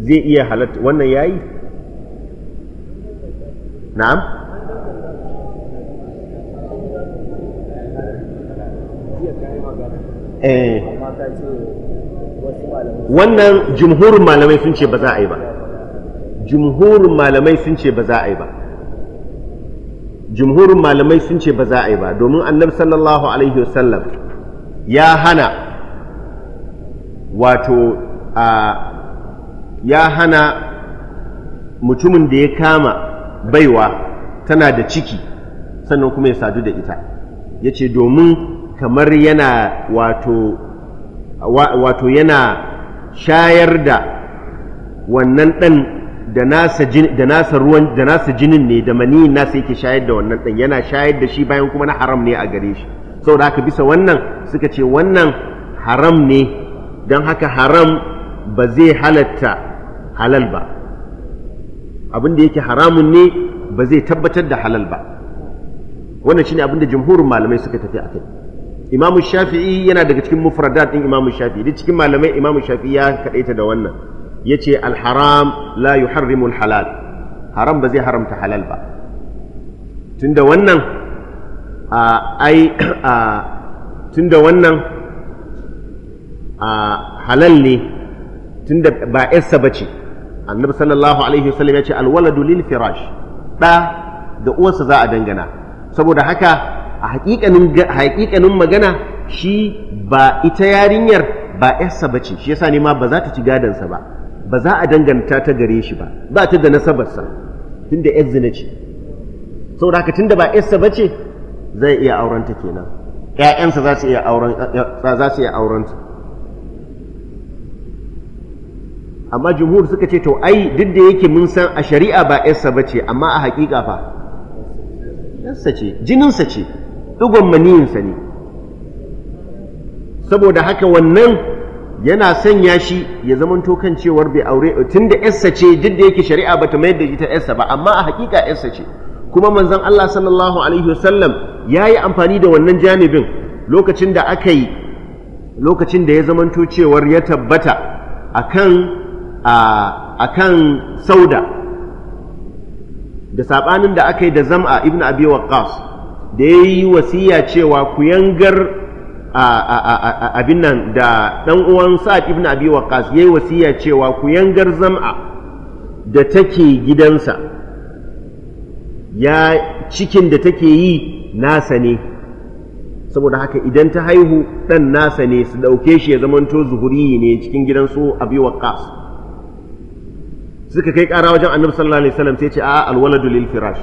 zai iya halatta wannan ya yi, na'am eh wannan jumhurin malamai sun ce ba za a yi ba jumhurin malamai sun ce ba za a yi ba jumhurin malamai sun ce ba za a yi ba domin annabi sallallahu alaihi wasallam ya hana wato a ya hana mutumin da ya kama baiwa tana da ciki sannan kuma ya sadu da ita ya ce domin kamar yana wato wato yana shayar da wannan ɗan da nasa ruwan da nasa jinin ne da mani nasa yake shayar da wannan ɗan yana shayar da shi bayan kuma na haram ne a gare shi saboda haka bisa wannan suka ce wannan haram ne don haka haram ba zai halatta halal ba abin da yake haramun ne ba zai tabbatar da halal ba wannan shine abin da jumhurin malamai suka tafi a kai imamu shafi'i yana daga cikin mufradat din imamu shafi'i duk cikin malamai imamu shafi'i ya kadaita da wannan yace ce alharam la yuharrimu al-halal haram ba zai haramta halal ba tunda wannan a ai a tunda wannan a halal ne tunda ba yarsa bace annabi sallallahu alaihi wasallam ya ce alwaladu lil firash da da uwarsa za a dangana saboda haka a hakikanin magana shi ba ita yarinyar ba yarsa ba ce shi yasa ne ma ba za ta ci gadansa ba ba za a danganta ta gare shi ba ba ta da nasabarsa tunda yar zina ce saboda haka tunda ba yarsa bace, ce zai iya auren kenan ƴaƴansa za su iya auren za su iya auren amma jumhur suka ce to ai duk da yake mun san a shari'a ba yarsa ba ce amma a haƙiƙa fa yarsa ce jininsa ce ɗugon maniyinsa ne saboda haka wannan yana sanya shi ya zamanto kan cewar bai aure tun da yarsa ce duk da yake shari'a ba ta mayar da ita yarsa ba amma a haƙiƙa yarsa ce kuma manzon Allah sallallahu alaihi wasallam ya yi amfani da wannan janibin lokacin da aka yi lokacin da ya zamanto cewar ya tabbata akan a kan sauda da saɓanin da aka yi da zam'a ibn abi waqqas da ya yi wasiya cewa ku yangar abin nan da ɗan uwan sa'ad ibn abi waqqas ya yi wasiya cewa ku yangar zam'a da take gidansa ya cikin da take yi nasa ne saboda haka idan ta haihu ɗan nasa ne su ɗauke shi ya zamanto zuhuri ne cikin gidansu su abi suka kai ƙara wajen annabi sallallahu alaihi wasallam sai ce a alwaladu lil firash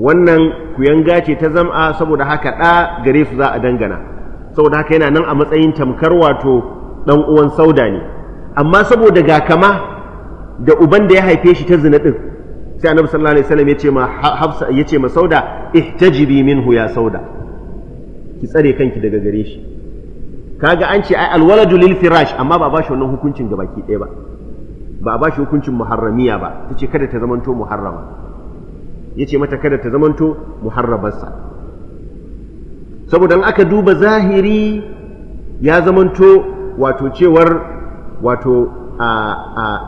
wannan kuyanga ce ta zam'a saboda haka ɗa gare su za a dangana saboda haka yana nan a matsayin tamkar wato dan uwan sauda ne amma saboda ga kama da uban da ya haife shi ta zina ɗin sai annabi sallallahu alaihi wasallam ya ce ma hafsa ya ce ma sauda ihtajibi minhu ya sauda ki tsare kanki daga gare shi kaga an ce ai alwaladu lil firash amma ba ba shi wannan hukuncin gabaki ɗaya ba ba a ba shi hukuncin muharramiya ba ta ce kada ta zamanto muharrama ya ce mata kada ta zamanto muharrabarsa saboda in aka duba zahiri ya zamanto wato cewar wato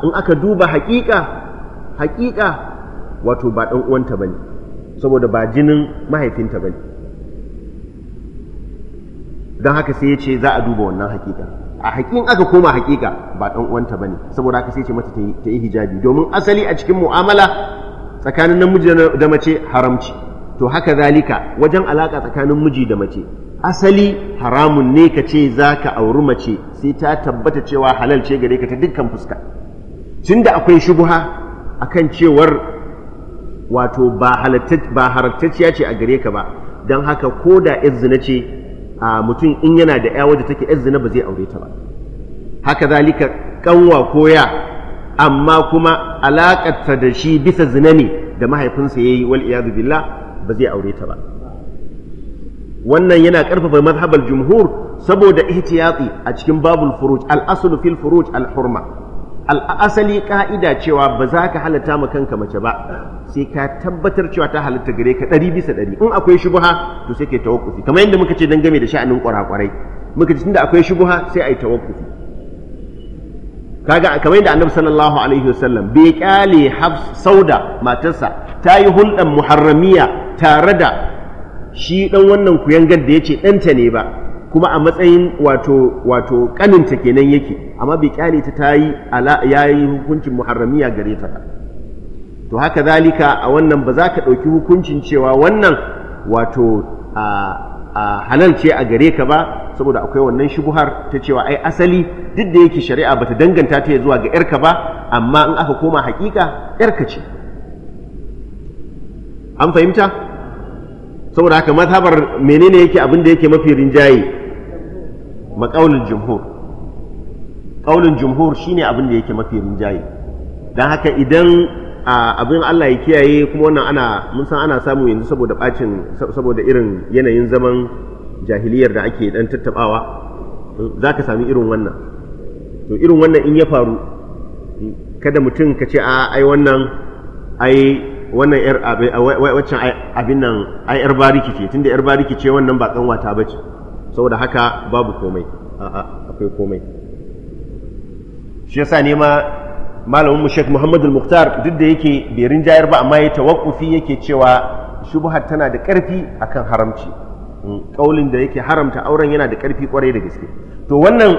in aka duba haƙiƙa haƙiƙa wato ba ɗan uwanta ba ne saboda ba jinin mahaifinta ba ne don haka sai ya ce za a duba wannan haƙiƙa a haƙin aka koma haƙiƙa ba ɗan uwanta ba ne saboda aka sai ce mata ta yi hijabi domin asali a cikin mu'amala tsakanin namiji da mace haramci to haka zalika wajen alaƙa tsakanin miji da mace asali haramun ne ka ce za ka auri mace sai ta tabbata cewa halal ce gare ka ta dukkan fuska da akwai shubuha kan cewar wato ba halattacciya ce a gare ka ba don haka ko da izina ce a mutum in yana da ya wadda take yar zina ba zai aure ta ba haka zalika kanwa koya amma kuma alaƙarta da shi bisa zina ne da mahaifinsa ya yi wal iyadu billah ba zai aure ta ba wannan yana ƙarfafa mazhabar jumhur saboda ihtiyati a cikin babul furuj al aslu fil furuj al hurma al'asali ka'ida cewa ba za ka halatta ma kanka mace ba sai ka tabbatar cewa ta halatta gare ka ɗari bisa ɗari in akwai shubuha to sai ka yi tawakkufi kamar yadda muka ce game da sha'anin kwarakwarai muka ce tunda akwai shubuha sai a yi tawakkufi kaga kamar yadda annabi sallallahu alaihi wasallam bai kyale hafs sauda matarsa ta yi hulɗan muharramiya tare da shi ɗan wannan kuyangar da ya ce ɗanta ne ba kuma a matsayin wato kaninta kenan yake amma bai kyale ta tayi yi hukuncin muharramiya gare ta to haka zalika a wannan ba za ka ɗauki hukuncin cewa wannan wato a halal ce a gare ka ba saboda akwai wannan shubuhar ta cewa ai asali duk da yake shari'a ba ta danganta ta zuwa ga yarka ba amma in aka koma haƙiƙa yarka ce an fahimta saboda haka mazhabar menene yake abin da yake mafi rinjaye maƙaunin jumhur ƙaunin jumhur shine abin da yake mafi rinjaye don haka idan abin Allah ya kiyaye kuma wannan ana mun san ana samu yanzu saboda bacin saboda irin yanayin zaman jahiliyar da ake dan tattabawa za ka sami irin wannan to irin wannan in ya faru kada mutum ka ce a ai wannan ai wannan yar abin nan ai yar bariki ce tunda yar bariki ce wannan ba kanwata bace saboda haka babu komai a'a akwai komai shi yasa ne ma malamin mu Sheikh Muhammad Al-Muqtar duk da yake bai rinjayar ba amma ya tawaqqufi yake cewa shubha tana da ƙarfi akan haramci kaulin mm, da yake haramta auren yana da karfi kwarai da gaske to wannan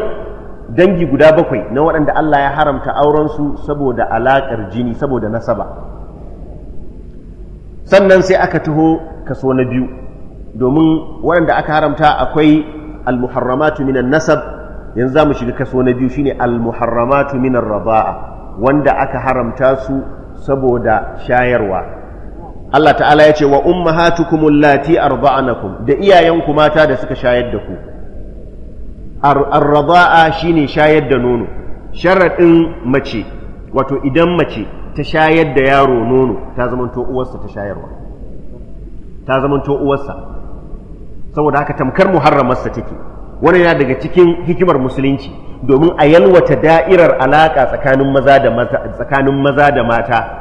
dangi guda bakwai na waɗanda Allah ya haramta auren su saboda alaƙar jini saboda nasaba sannan sai aka taho kaso na biyu domin waɗanda aka haramta akwai almuharramatu minan nasab yanzu za mu shiga kaso na biyu shine almuharramatu minan raba'a wanda aka haramta su saboda shayarwa Allah ta'ala ya ce wa ummahatukum allati arda'anakum da iyayenku mata da suka shayar da ku Arraba'a shine shayar da nono sharadin mace wato idan mace ta shayar da yaro nono ta zamanto uwarsa ta shayarwa ta zamanto uwarsa saboda haka tamkar muharramarsa take wannan yana daga cikin hikimar musulunci domin a yalwata da'irar alaƙa tsakanin maza da mata tsakanin maza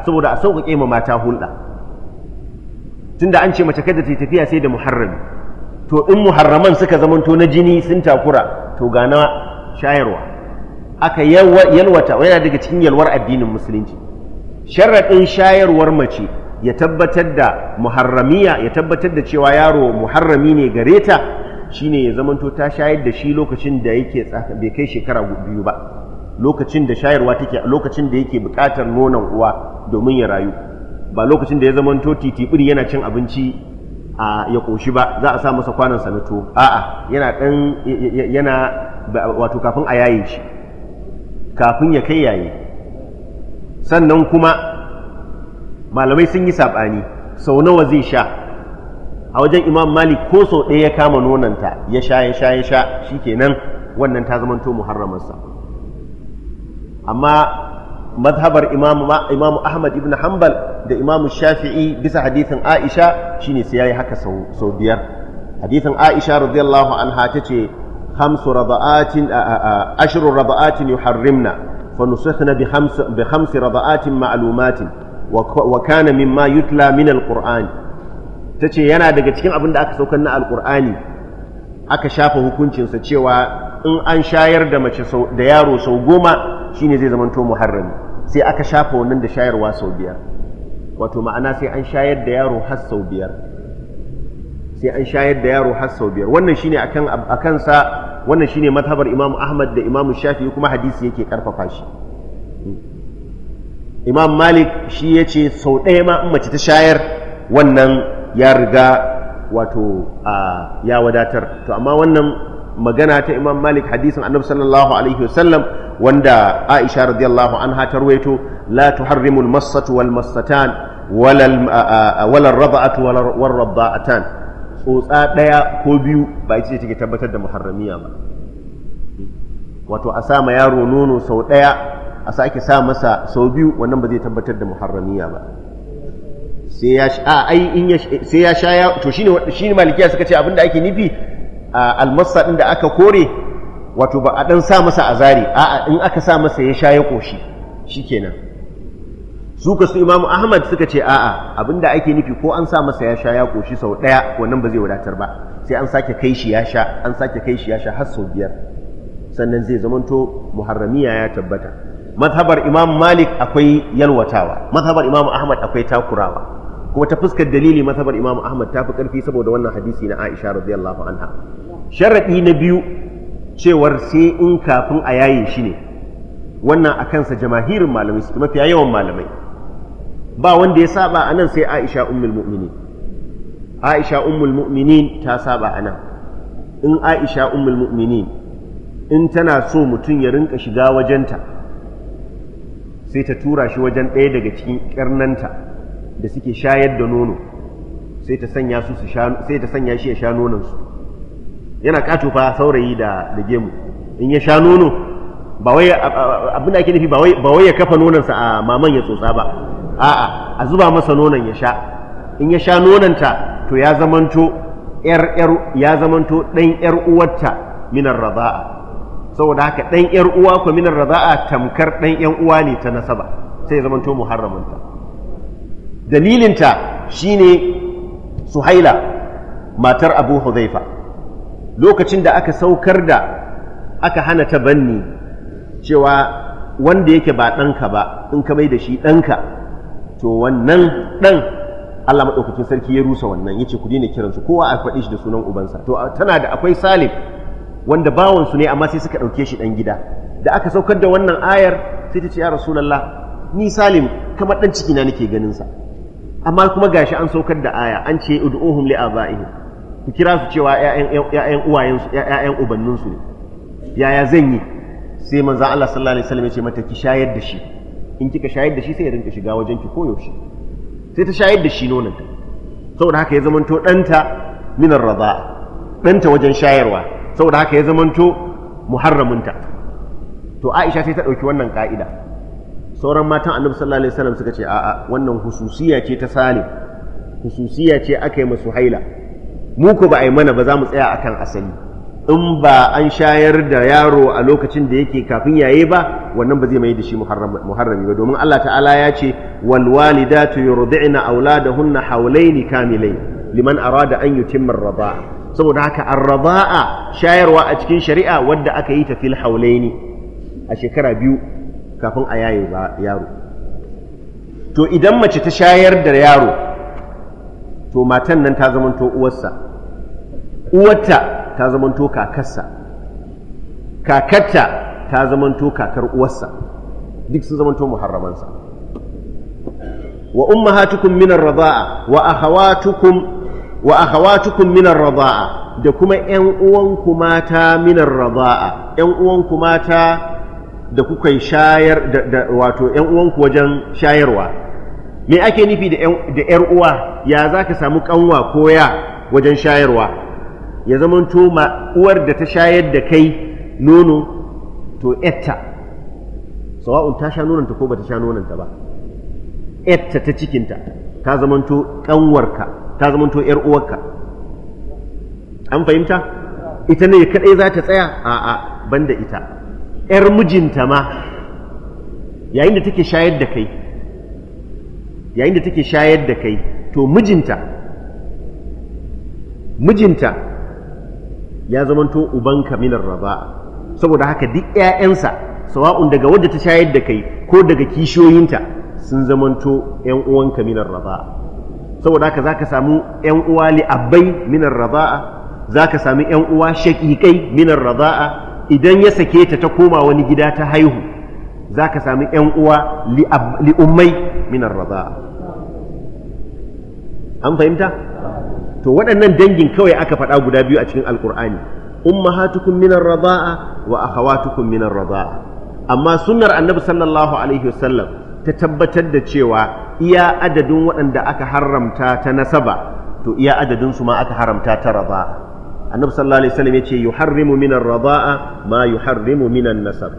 saboda a sauƙaƙe ma mata hulɗa tunda an ce mace kada ta tafiya sai da muharrami to in muharraman suka zamanto na jini sun takura to gana shayarwa aka yalwata yana daga cikin yalwar addinin musulunci sharaɗin shayarwar mace ya tabbatar da muharramiya ya tabbatar da cewa yaro muharrami ne gare ta shine ya zamanto ta shayar da shi lokacin da yake bai kai shekara biyu ba lokacin da shayarwa take lokacin da yake bukatar nonon uwa domin ya rayu ba lokacin da ya zamanto titibiri yana cin abinci a ya ƙoshi ba za a sa masa kwanan sa a'a yana ɗan yana wato kafin a yaye shi kafin ya kai yaye sannan kuma malamai sun yi saɓani sau nawa zai sha a wajen imam malik ko sau ɗaya ya kama nonanta ya sha ya sha ya sha shi kenan wannan ta zamanto muharramarsa amma mazhabar imamu ahmad ibn hanbal da imamu shafi'i bisa hadithin aisha shine sai haka sau biyar hadithin aisha radiyallahu anha ta ce خمس رضاءات عشر رضاءات يحرمنا فنصحنا بخمس, بخمس رضاءات معلومات wa kana mimma yutla min alqur'ani tace yana daga cikin abin da aka saukar na alqur'ani aka shafa hukuncinsa cewa in an shayar da mace da yaro sau goma shine zai zamanto muharrami sai aka shafa wannan da shayarwa sau biyar wato ma'ana sai an shayar da yaro har sau biyar sai an shayar da yaro har sau biyar wannan shine akan akan sa wannan shine mazhabar Imam Ahmad da Imam Shafi'i kuma hadisi yake karfafa shi imam malik shi ya ce sau ɗaya ma in mace ta shayar wannan ya riga wato ya wadatar to amma wannan magana ta imam malik hadisin annabi sallallahu alaihi wasallam wanda aisha radiyallahu anha ta ruwaito la tuharrimu almassatu walmassatan wala wala ar-rad'atu tsotsa daya ko biyu ba ita ce take tabbatar da muharramiya ba wato a sama yaro nono sau daya a sake sa masa sau biyu wannan ba zai tabbatar da muharramiya ba sai ya sha ya to shine shine malikiya suka ce abinda ake nufi a almasa din da aka kore wato ba a dan sa masa azari a in aka sa masa ya sha ya koshi shikenan su ka su imamu ahmad suka ce a'a abinda ake nufi ko an sa masa ya sha ya koshi sau ɗaya wannan ba zai wadatar ba sai an sake kai shi ya sha an sake kai shi ya sha har sau biyar sannan zai zamanto muharramiya ya tabbata mazhabar imam malik akwai yalwatawa mazhabar imam ahmad akwai takurawa kuma ta fuskar dalili mazhabar imam ahmad ta fi karfi saboda wannan hadisi na aisha radiyallahu anha sharadi na biyu cewar sai in kafin a yaye shi ne wannan a kansa jamahirin malamai su mafiya yawan malamai ba wanda ya saba a nan sai aisha ummul mu'minin aisha ummul mu'minin ta saba a nan in aisha ummul mu'minin in tana so mutum ya rinka shiga wajenta sai ta tura shi wajen ɗaya daga cikin ƙarnanta da suke shayar da nono sai ta sanya su su sai ta sanya shi ya sha nonon su yana ƙato fa saurayi da da gemu in ya sha nono ba wai abin da ake nufi ba wai ya kafa nononsa a maman ya tsotsa ba a'a a zuba masa nonon ya sha in ya sha nononta to ya zamanto yar ya zamanto ɗan yar uwarta minar raba'a saboda haka ɗan ‘yar uwa ku minar raza'a tamkar ɗan ‘yan uwa ne ta nasaba sai zama to muharramunta. dalilinta shine suhaila matar abu huzaifa lokacin da aka saukar da aka hana ta banni cewa wanda yake ba ɗanka ba in ka mai da shi ɗanka to wannan ɗan Allah maɗaukacin sarki ya rusa wannan ya ce ku daina kiransu kowa a faɗi shi da sunan ubansa to tana da akwai salim wanda bawansu ne amma sai suka ɗauke shi ɗan gida da aka saukar da wannan ayar sai ta ce ya rasulallah ni salim kamar ɗan cikina nake ganinsa amma kuma gashi an saukar da aya an ce ud'uhum li abaihim ku kira su cewa ƴaƴan uwayensu ƴaƴan ubanninsu ne yaya zan yi sai manzo Allah sallallahu alaihi wasallam ya ce mata ki shayar da shi in kika shayar da shi sai ya rinka shiga wajen ki koyaushe sai ta shayar da shi nonanta saboda haka ya zamanto ɗanta minar raza ɗanta wajen shayarwa saboda haka ya zamanto muharraminta to aisha sai ta ɗauki wannan ka'ida sauran matan annabi sallallahu alaihi wasallam suka ce a'a wannan hususiya ce ta sale hususiya ce aka yi masu haila mu ko ba a yi mana ba za mu tsaya akan asali in ba an shayar da yaro a lokacin da yake kafin yaye ba wannan ba zai mai da shi muharrami ba domin Allah ta'ala ya ce wal walidatu yurdi'na auladahunna hawlaini kamilain liman arada an yutimma ar-rida'a saboda haka arraba'a shayarwa a cikin shari'a wadda aka yi ta fil haulaini a shekara biyu kafin a yaye yaro to idan mace ta shayar da yaro to matan nan ta zamanto uwarsa uwarta ta zamanto kakarsa kakarta ta zamanto kakar uwarsa duk sun zamanto muharramansa wa ummahatukum min ar-radha'a wa akhawatukum wa akhawatukum min ar radaa da kuma ƴan uwanku mata min ar radaa ƴan uwanku mata da kuka shayar da wato ƴan uwanku wajen shayarwa me ake nufi da da ƴar uwa ya zaka samu kanwa ko ya wajen shayarwa ya zamanto ma uwar da ta shayar da kai nono to etta sawa'un ta sha nononta ko bata sha nononta ba etta ta cikinta ta zamanto kanwarka ta zamanto yar uwarka an fahimta ita ne kadai za ta tsaya a'a banda ita yar mijinta ma yayin da take shayar da kai yayin da take shayar da kai to mijinta mijinta ya zamanto ubanka minar raba saboda haka duk 'ya'yansa sawa'un daga wadda ta shayar da kai ko daga kishiyoyinta sun zamanto 'yan uwanka minar raba saboda haka zaka samu yan uwa li'abbai minar raza'a zaka sami yan uwa shaƙiƙai minar raza'a idan ya sake ta ta koma wani gida ta haihu zaka sami yan uwa li'ummai minar raza'a an fahimta to waɗannan dangin kawai aka faɗa guda biyu a cikin alkur'ani ummahatukum minar raza'a wa akhawatukum minar raza'a amma sunnar annabi sallallahu alaihi wasallam ta tabbatar da cewa iya adadin waɗanda aka haramta ta nasaba to iya adadin su ma aka haramta ta raba'a annabi sallallahu alaihi wasallam yace yuharrimu minar raba'a ma yuharrimu minan nasab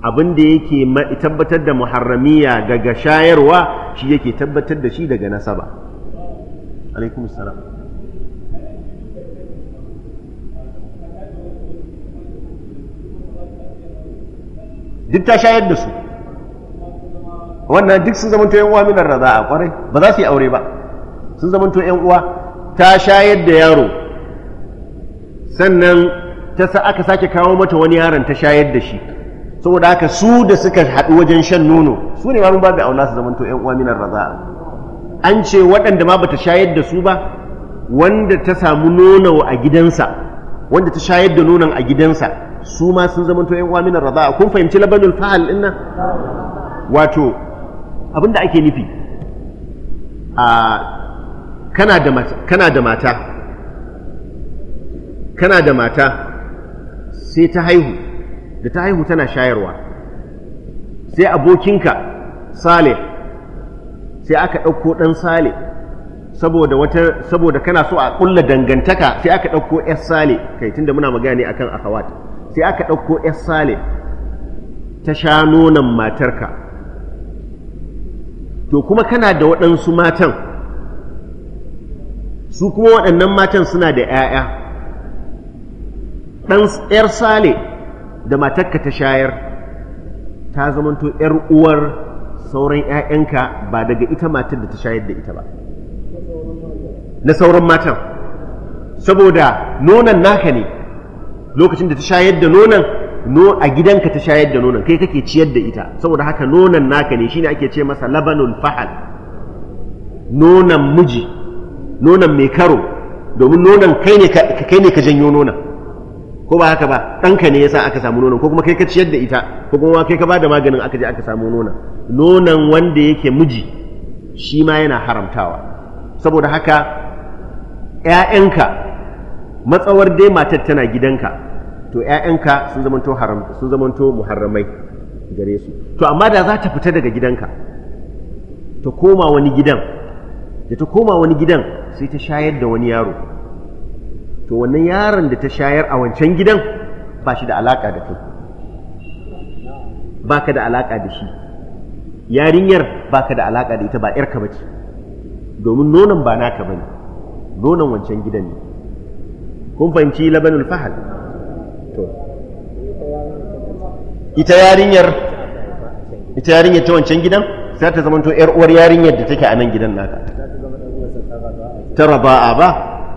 abin da yake tabbatar da muharramiya daga shayarwa shi yake tabbatar da shi daga nasaba alaikum salam duk ta shayar da su wannan duk sun zamanto yan uwa minar a kwarai ba za su yi aure ba sun zamanto yan uwa ta shayar da yaro sannan ta sa aka sake kawo mata wani yaron ta shayar da shi saboda haka su da suka haɗu wajen shan nono su ne ma mun babu auna su zamanto yan uwa minar a. an ce waɗanda ma bata shayar da su ba wanda ta samu nono a gidansa wanda ta shayar da nonon a gidansa su ma sun zamanto yan uwa minar a. kun fahimci labanul fahal ɗin wato Abin da ake nufi a kana da mata kana da mata sai ta haihu da ta haihu tana shayarwa sai abokinka sale sai aka ɗauko ɗan sale saboda kana so a ƙulla dangantaka sai aka ɗauko yar sale kai tunda muna magana ne akan akawat sai aka ɗauko yar sale ta sha nonon matarka to kuma kana da waɗansu matan su kuma waɗannan matan suna da 'ya'ya ɗan 'yar sale da matarka ta shayar ta zamanto 'yar uwar sauran 'ya'yanka ba daga ita matan da ta shayar da ita ba na sauran matan saboda nonon naka ne lokacin da ta shayar da nonon no a gidanka ta shayar da nonon kai kake ciyar da ita saboda haka nonon naka ne shine ake ce masa labanul fahal nonon miji nonon mai karo domin nonon kai ne kai ne ka janyo nonon ko ba haka ba ɗanka ne yasa aka samu nonon ko kuma kai ka ciyar da ita ko kuma kai ka bada maganin aka je aka samu nonon nonon wanda yake miji shi ma yana haramtawa saboda haka ‘ya'yanka matsawar dai matar tana gidanka to ‘ya'yanka sun zamanto haram muharramai gare su to amma da za ta fita daga gidanka ta koma wani gidan da ta koma wani gidan sai ta shayar da wani yaro to wannan yaron da ta shayar a wancan gidan ba shi da alaƙa da kai ba ka da alaƙa da shi yarinyar ba ka da alaƙa da ita ba ‘yarka ba ce domin nonon ba naka ba ne nonon wancan gidan ne kun fahimci labanul fahal ita yarinyar ita yarinyar ta wancan gidan za ta zama to yar uwar yarinyar da take a nan gidan naka ta raba'a ba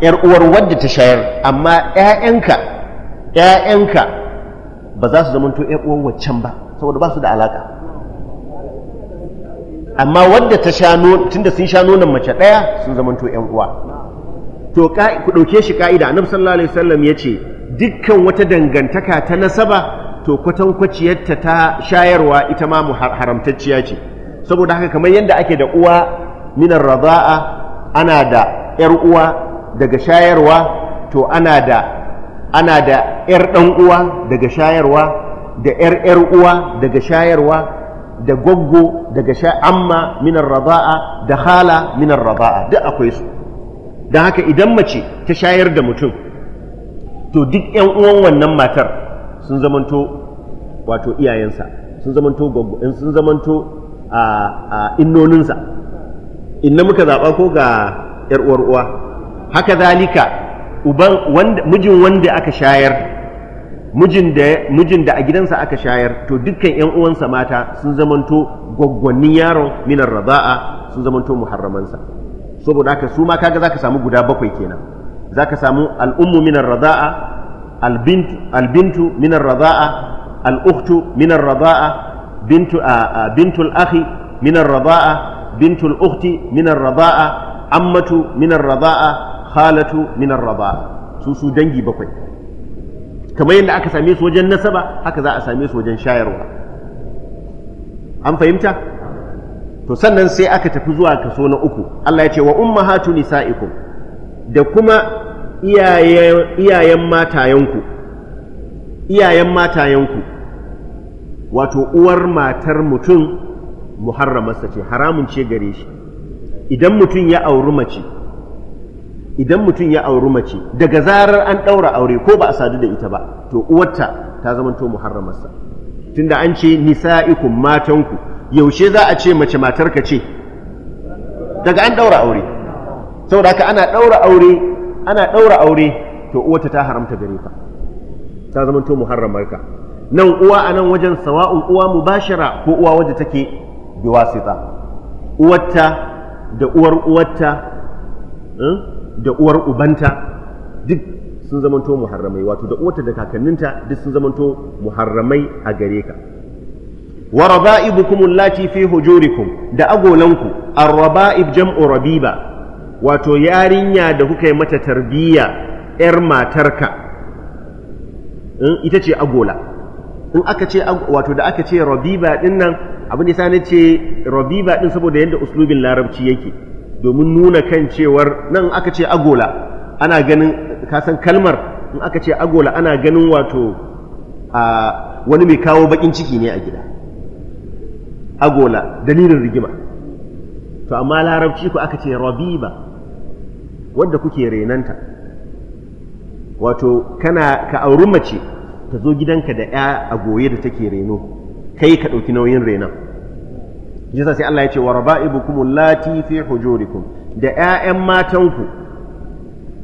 yar uwar wadda ta shayar amma ƴaƴanka ƴaƴanka ba za su zama to yar uwar waccan ba saboda ba su da alaka amma wadda ta sha tunda sun sha nonon mace ɗaya sun zama to ƴan uwa to ku ɗauke shi ka'ida annabi sallallahu alaihi wasallam ya ce dukkan wata dangantaka ta nasaba to kwatankwaciyarta ta shayarwa ita ma haramtacciya ce saboda haka kamar yadda ake da uwa minar raza'a ana da ‘yar uwa daga shayarwa to ana da ana da ‘yar ɗan uwa daga shayarwa da ‘yar ‘yar uwa daga shayarwa da goggo daga sha amma minar raza'a da hala minar raza'a duk akwai su don haka idan mace ta shayar da mutum to duk ‘yan uwan wannan matar sun zamanto wato iyayensa sun zamanto in sun zamanto a innoninsa inna muka zaɓa ko ga ‘yar uwar uwa haka zalika mijin wanda aka shayar mijin da a gidansa aka shayar to dukkan ‘yan uwansa mata sun zamanto gwaggwannin yaron minar raza'a sun zamanto muharramansa saboda haka su ma kaga za ka samu guda bakwai kenan Za ka samu al'ummu minar raza'a albintu minar raza'a al'uktu minar raza'a bintul akhi minan raza'a bintul ukti minan raza'a ammatu minan raza'a khalatu minan raza'a su su dangi bakwai kamar yadda aka same su wajen nasaba haka za a same su wajen shayarwa an fahimta to sannan sai aka tafi zuwa kaso na uku Allah ya ce wa ummahatu nisa'ikum da kuma iyayen matayenku iyayen matayenku wato uwar matar mutum muharramarsa ce haramun ce gare shi idan mutum ya auri mace idan mutum ya auri mace daga zarar an ɗaura aure ko ba a sadu da ita ba to uwarta ta zamanto muharramarsa tunda an ce nisa'ikum matanku yaushe za a ce mace matarka ce daga an ɗaura aure saboda haka ana ɗaura aure ana ɗaura aure to uwata ta haramta gare ka ta to muharramar ka nan uwa a nan wajen sawa'un uwa mubashara ko uwa wadda take biwasita uwarta da uwar uwarta eh, da uwar ubanta duk sun zamanto muharramai wato da uwata da kakanninta duk sun zamanto muharramai a gare ka wa raba'ibukum allati fi hujurikum da agolanku ar-raba'ib jam'u rabiba wato yarinya da kuka yi mata tarbiyya ‘yar matarka ita ce agola in aka ce wato da aka ce rabiba din nan abin da na ce rabiba din saboda yadda uslubin larabci yake domin nuna kan cewar nan aka ce agola ana ganin kasan kalmar in aka ce agola ana ganin wato a wani mai kawo bakin ciki ne a gida agola dalilin rigima to amma larabci ku aka ce rabiba wadda kuke renanta wato kana ka auri mace ta zo gidanka da ya a goye da take reno kai ka ɗauki nauyin renon jisa sai Allah ya ce wa raba'ibukum lati fi hujurikum da 'ya'yan matanku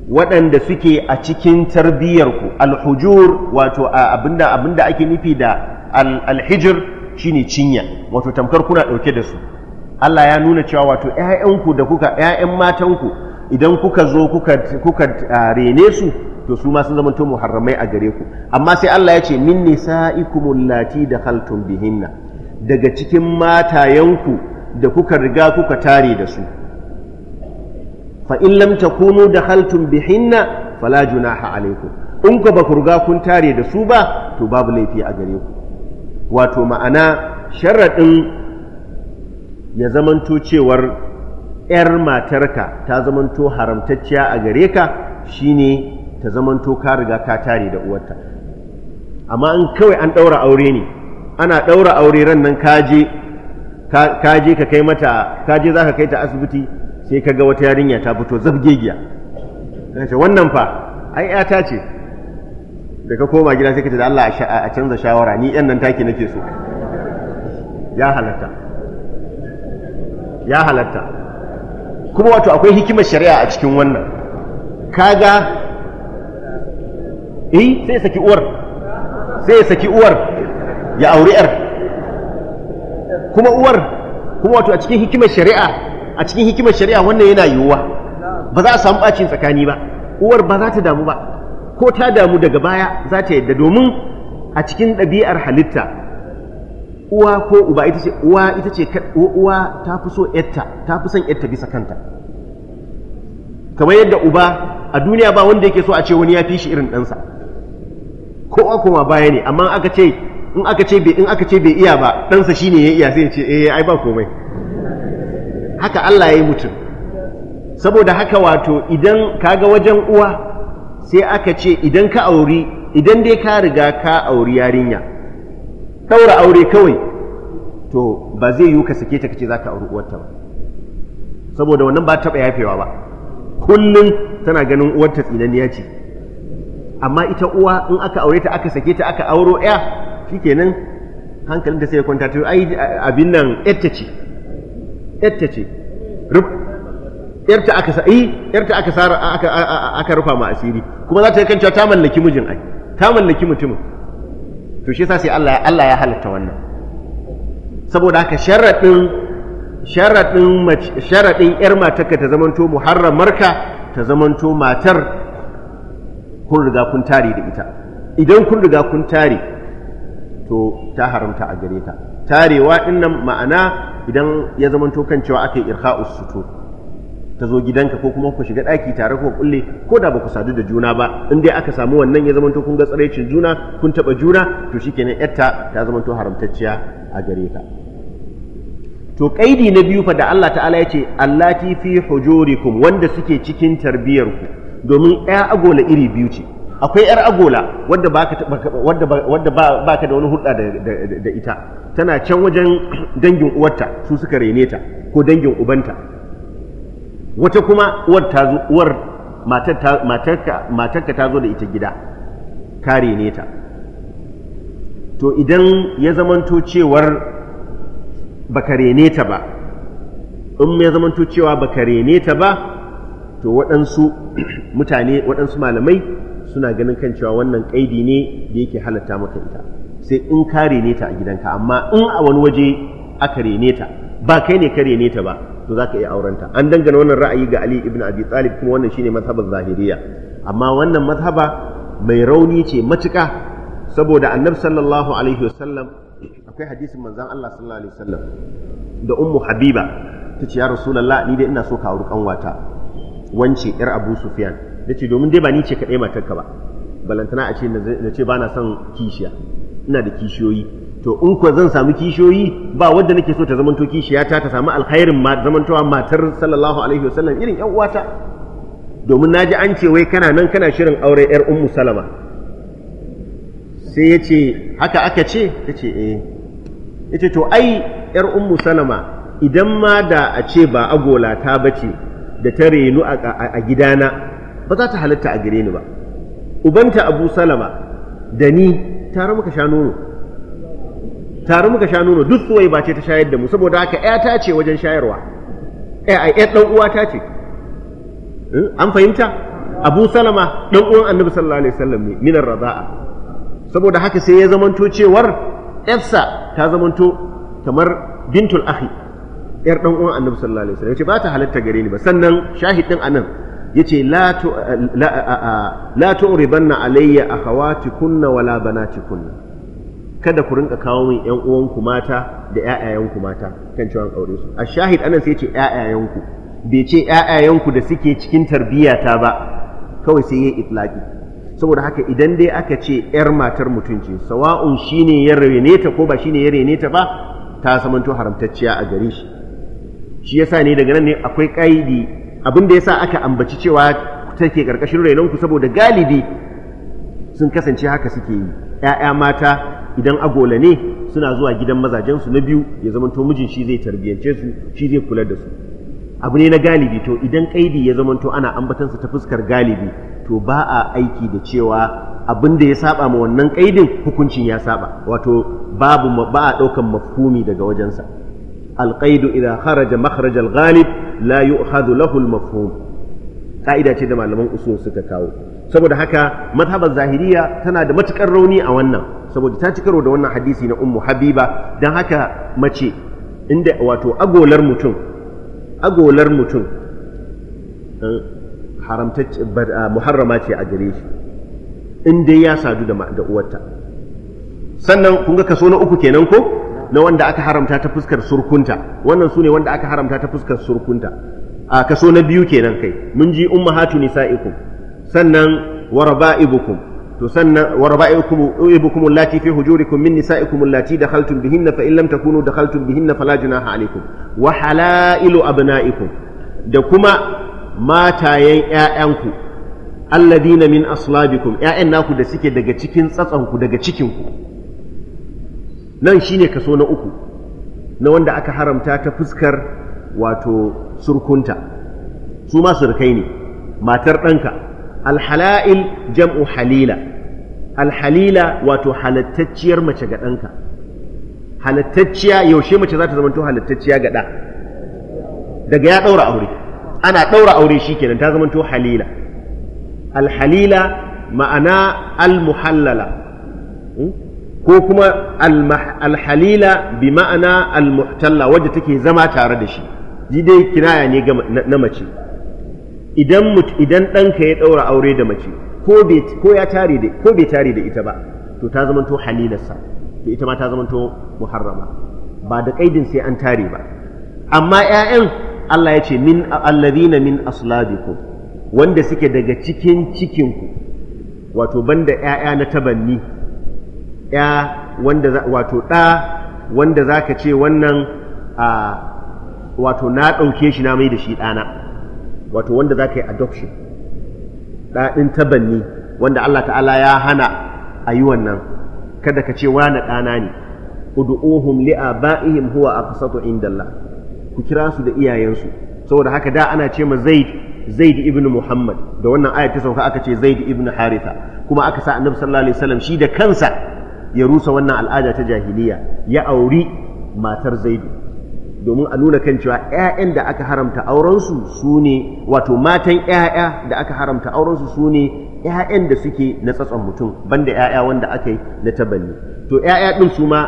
waɗanda suke a cikin tarbiyyarku alhujur wato abinda abinda ake nufi da alhijir shine cinya wato tamkar kuna ɗauke da su Allah ya nuna cewa wato 'ya'yanku da kuka 'ya'yan matanku idan kuka zo kuka ah, rene su to su ma sun zama to muharramai a gare ku amma sai Allah ya ce min nisa'ikumul lati dakhaltum bihinna daga cikin matayanku da kuka riga kuka tare da su fa in lam takunu dakhaltum bihinna fala junaha alaikum in ku ba ku riga kun tare da su ba to babu laifi a gare ku wato ma'ana sharaɗin ya zamanto cewar 'yar matarka ta zamanto haramtacciya a gare ka shi ne ta zamanto ka riga ka tare da uwarta amma in kawai an ɗaura aure ne ana ɗaura aure ran nan kaje je ka kai mata je za ka kai ta asibiti sai ka ga wata yarinya ta fito zabgegiya wannan fa ai yata ce da ka koma gida sai ka ce da Allah a canza shawara ni yan nan take nake so ya halatta ya halatta kuma wato akwai hikimar shari'a a cikin wannan kaga eh sai ya saki uwar sai ya saki uwar ya aure yar kuma uwar kuma wato a cikin hikimar shari'a a cikin hikimar shari'a wannan yana yiwuwa ba za a samu bacin tsakani ba uwar ba za ta damu ba ko ta damu daga baya za ta yadda domin a cikin ɗabi'ar halitta uwa ko uba ita ce uwa ita ce uwa ta fi so yatta ta fi son yatta bisa kanta kamar yadda uba a duniya ba wanda yake so a ce wani ya fi shi irin ɗansa ko a koma baya ne amma aka ce in aka ce bai in aka ce bai iya ba ɗansa shine ya iya sai ya ce eh ai ba komai haka Allah ya yi mutum saboda haka wato idan kaga wajen uwa sai aka ce idan ka auri idan dai ka riga ka auri yarinya ɗaura aure kawai to ba zai yiwu ka sake ta kace za ka auri uwarta ba saboda wannan ba taɓa yafewa ba kullum tana ganin uwarta tsinaniya ce amma ita uwa in aka aure ta aka sake ta aka auro ya shikenan hankalin da sai ya kwanta to ai abin nan yarta ce yarta ce yarta aka sa'i yarta eh, aka sara aka aka rufa ma asiri kuma za ta kan cewa ta mallaki mijin ai ta mallaki mutumin to shi yasa sai Allah Allah ya halatta wannan saboda haka sharadin sharadin sharadin yar matarka ta zamanto muharramarka ta zamanto matar kun riga kun tare da ita idan kun riga kun tare to ta haramta a gare ta tarewa dinnan ma'ana idan ya zamanto kan cewa aka yi irha'us sutur ta zo gidanka ko kuma ku shiga ɗaki tare ko kulle ko da ba ku sadu da juna ba in dai aka samu wannan ya zamanto kun ga tsaraicin juna kun taɓa juna to shikenan yatta ta zamanto haramtacciya a gare ka to kaidi na biyu fa da Allah ta'ala ya ce allati fi hujurikum wanda suke cikin tarbiyarku domin ɗaya agola iri biyu ce akwai yar agola wadda baka wadda baka da wani hulɗa da ita tana can wajen dangin uwarta su suka rene ta ko dangin ubanta wata kuma uwar ta zo uwar matarka ta zo da ita gida kare ne ta to idan ya zamanto cewar baka rene ta ba in ya zamanto cewa baka rene ta ba to waɗansu mutane waɗansu malamai suna ganin kan cewa wannan ƙaidi ne da yake halatta maka ita sai in ka rene ta a gidanka amma in a wani waje aka rene ta ba kai ne ka rene ta ba to zaka iya aurenta an dangana wannan ra'ayi ga Ali ibn Abi Talib kuma wannan shine mazhabar zahiriya amma wannan mazhaba mai rauni ce matuƙa saboda annab sallallahu alaihi wasallam akwai hadisin manzon Allah sallallahu alaihi wasallam da ummu habiba tace ya rasulullah ni dai ina so ka auri kanwata wance yar Abu Sufyan nace domin dai ba ni ce dai matarka ba balantana a ce na ce bana son kishiya ina da kishiyoyi to in zan samu kishiyoyi ba wadda nake so ta zamanto kishiyata ta samu alkhairin ma zamantowa matar sallallahu alaihi wasallam irin yan uwata domin naji an ce wai kana nan kana shirin aure yar ummu salama sai ya ce haka aka ce ta ce eh ya ce to ai yar ummu salama idan ma da a ce ba agola ta bace da ta renu a gidana ba za ta halatta a gare ni ba ubanta abu salama da ni tare muka sha nono tare muka sha nono duk suwai ba ce ta shayar da mu saboda haka ta ce wajen shayarwa eh, ai ƴar dan uwa ta ce eh, an fahimta Abu Salama dan uwan Annabi sallallahu alaihi wasallam ne minar raza'a saboda haka sai ya zamanto cewar EFSA ta zamanto kamar bintul akhi ƴar dan uwan Annabi sallallahu alaihi wasallam ce ba ta halatta gare ni ba sannan shahid ɗin anan yace la la la tu'ribanna alayya kunna, wala banatikunna kada ku rinka kawo min ƴan uwanku mata da ƴaƴayenku mata kan cewa aure su a shahid anan sai ce ƴaƴayenku bai ce ƴaƴayenku da suke cikin tarbiyyata ba kawai sai yayi itlaqi saboda haka idan dai aka ce ƴar matar mutunci, ce sawa'un shine ya rene ta ko ba shine ya rene ta ba ta samanto haramtacciya a gare shi shi yasa ne daga nan ne akwai ƙa'idi abin da yasa aka ambaci cewa take karkashin rainonku saboda galibi sun kasance haka suke yi ‘ya'ya mata idan agola ne suna zuwa gidan mazajensu na biyu ya zamanto mijin shi zai tarbiyance su shi zai kula da su abu ne na galibi to idan kaidi ya zamanto ana ambatansa ta fuskar galibi to ba a aiki da cewa abin da ya saba ma wannan kaidin hukuncin ya saba wato babu ba a ɗaukan mafhumi daga wajensa alqaidu idan kharaja makhraj alghalib la yu'khadhu lahu almafhum ka'ida ce da malaman usul suka kawo saboda haka mazhabar zahiriya tana da matukar rauni a wannan saboda ta ci karo da wannan hadisi na ummu habiba don haka mace inda wato agolar mutum agolar mutum eh, ah, muharrama ce a gare shi in dai ya sadu da uwarta sannan kun ga kaso na uku kenan ko na wanda aka haramta ta fuskar surkunta wannan su ne wanda aka haramta ta fuskar surkunta a kaso na biyu kenan kai mun ji ummahatu nisa'ikum sannan wa raba'ibukum to sannan wa raba'ikum ibukum allati fi hujurikum min nisa'ikum allati dakhaltum bihinna fa in lam takunu dakhaltum bihinna fala junaha alaykum wa halailu abna'ikum da kuma matayen 'ya'yanku alladina min aslabikum ƴaƴan naku da suke daga cikin tsatsanku daga cikinku nan shine kaso na uku na wanda aka haramta ta fuskar wato surkunta su ma surkai ne matar ɗanka alhala'il jam'u halila alhalila wato halattacciyar mace ga ɗanka halattacciya yaushe mace za ta zama to halattacciya ga ɗa daga ya ɗaura aure ana ɗaura aure shi kenan ta zama to halila alhalila ma'ana almuhallala hmm? ko kuma alhalila bi ma'ana almuhtalla wadda take zama tare da shi dai kinaya ne na mace idan idan ɗanka ya ɗaura aure da mace ko bai ko ya tare da ko bai tare da ita ba to ta zamanto halilarsa to ita ma ta zamanto muharrama ba da kaidin sai an tare ba amma ƴaƴan Allah ya ce min alladhina min aslabikum wanda suke daga cikin cikinku wato banda ƴaƴa na tabanni ya wanda wato ɗa wanda zaka ce wannan a wato na ɗauke shi na mai da shi ɗana wato wanda za ka yi adoption ɗaɗin tabanni wanda Allah ta'ala ya hana a yi wannan kada ka ce wani ɗana ne ud'uhum li'aba'ihim huwa kusatu indalla ku kira su da iyayensu saboda haka da ana ce ma zaid zaid ibn muhammad da wannan ayat ta sauka aka ce zaid ibn haritha kuma aka sa annabi sallallahu alaihi wasallam shi da kansa ya rusa wannan al'ada ta jahiliya ya auri matar zaidu domin a nuna kan cewa 'ya'yan da aka haramta aurensu su ne wato matan 'ya'ya da aka haramta aurensu su ne 'ya'yan da suke na tsatson mutum banda 'ya'ya wanda aka yi na tabanni to 'ya'ya ɗin su ma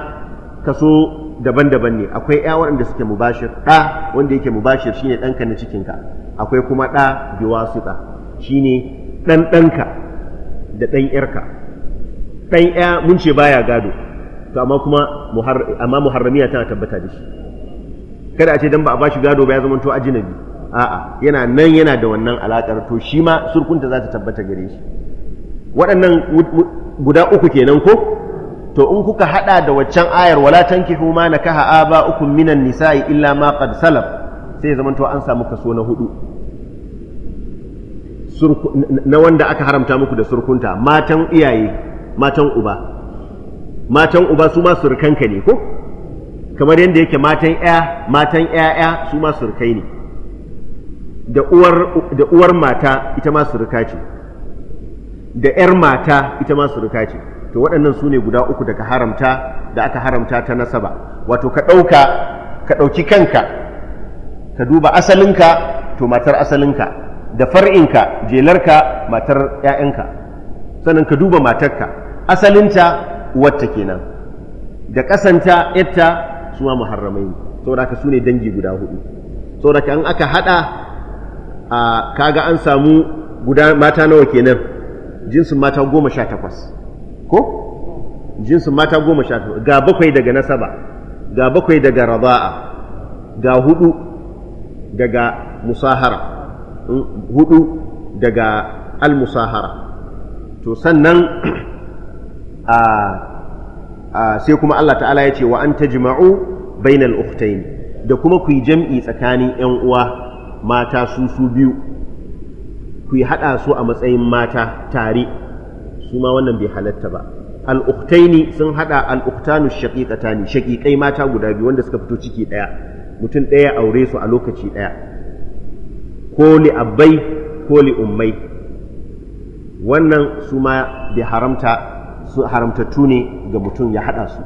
kaso daban-daban ne akwai 'ya waɗanda suke mubashir ɗa wanda yake mubashir shine ɗanka na cikinka akwai kuma ɗa biwasuɗa shine ɗan ɗanka da ɗan 'yarka ɗan 'ya mun ce baya gado to amma kuma amma muharramiya tana tabbata da shi kada a ce dan ba a bashi gado ba ya zama to ajinabi a'a yana nan yana da wannan alakar to shi ma surkunta za ta tabbata gare shi waɗannan guda uku kenan ko to in kuka hada da waccan ayar wala tankihu ma nakaha aba ukum minan nisa'i illa ma qad salaf sai zaman to an samu kaso na hudu na wanda aka haramta muku da surkunta matan iyaye matan uba matan uba su ma surkanka ne ko kamar yadda yake matan ya matan ya'ya su ma surukai ne da uwar mata ita ma suruka ce da yar mata ita ma suruka ce to waɗannan su ne guda uku daga haramta da aka haramta ta nasaba wato ka ɗauka ka ɗauki kanka ka duba asalinka to matar asalinka da far'inka jelarka matar 'ya'yanka sannan ka duba matarka asalinta uwarta kenan da ƙasanta yadda su ma muharramai ne saboda haka su ne dangi guda hudu saboda an aka hada a kaga an samu guda mata nawa kenan jinsin mata goma sha takwas ko jinsin mata goma sha takwas ga bakwai daga nasaba ga bakwai daga raba'a ga hudu daga musahara hmm, hudu daga al-musahara to sannan a Ah, sai kuma Allah ta'ala ya ce wa an tajma'u bainal ukhtayn da kuma ku yi jam'i tsakanin yan uwa mata su su biyu ku yi hada su a matsayin mata tare su ma wannan bai halatta ba al ukhtaini sun hada al ukhtanu shaqiqatani shaqiqai mata guda biyu wanda suka fito ciki daya mutum daya aure su a lokaci daya ko li abbai ko li ummai wannan su ma bai haramta su haramtattu ne ga mutum ya haɗa su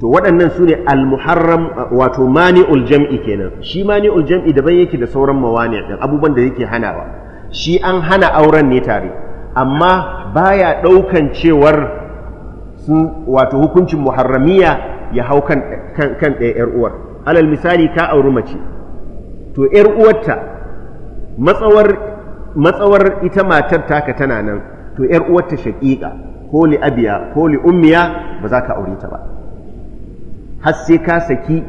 to waɗannan su ne al-muharram wato mani'ul jam'i kenan shi mani'ul jam'i daban yake da sauran mawani ɗin abubuwan da yake hanawa shi an hana auren ne tare amma baya ɗaukan cewar sun wato hukuncin muharramiya ya hau kan ɗaya ‘yar uwar alal misali ka auri mace to ƴar uwarta matsawar matsawar ita matar taka tana nan to ‘yar uwarta shaƙiƙa ko li abiya ko li ummiya ba za ka aure ta ba har sai ka saki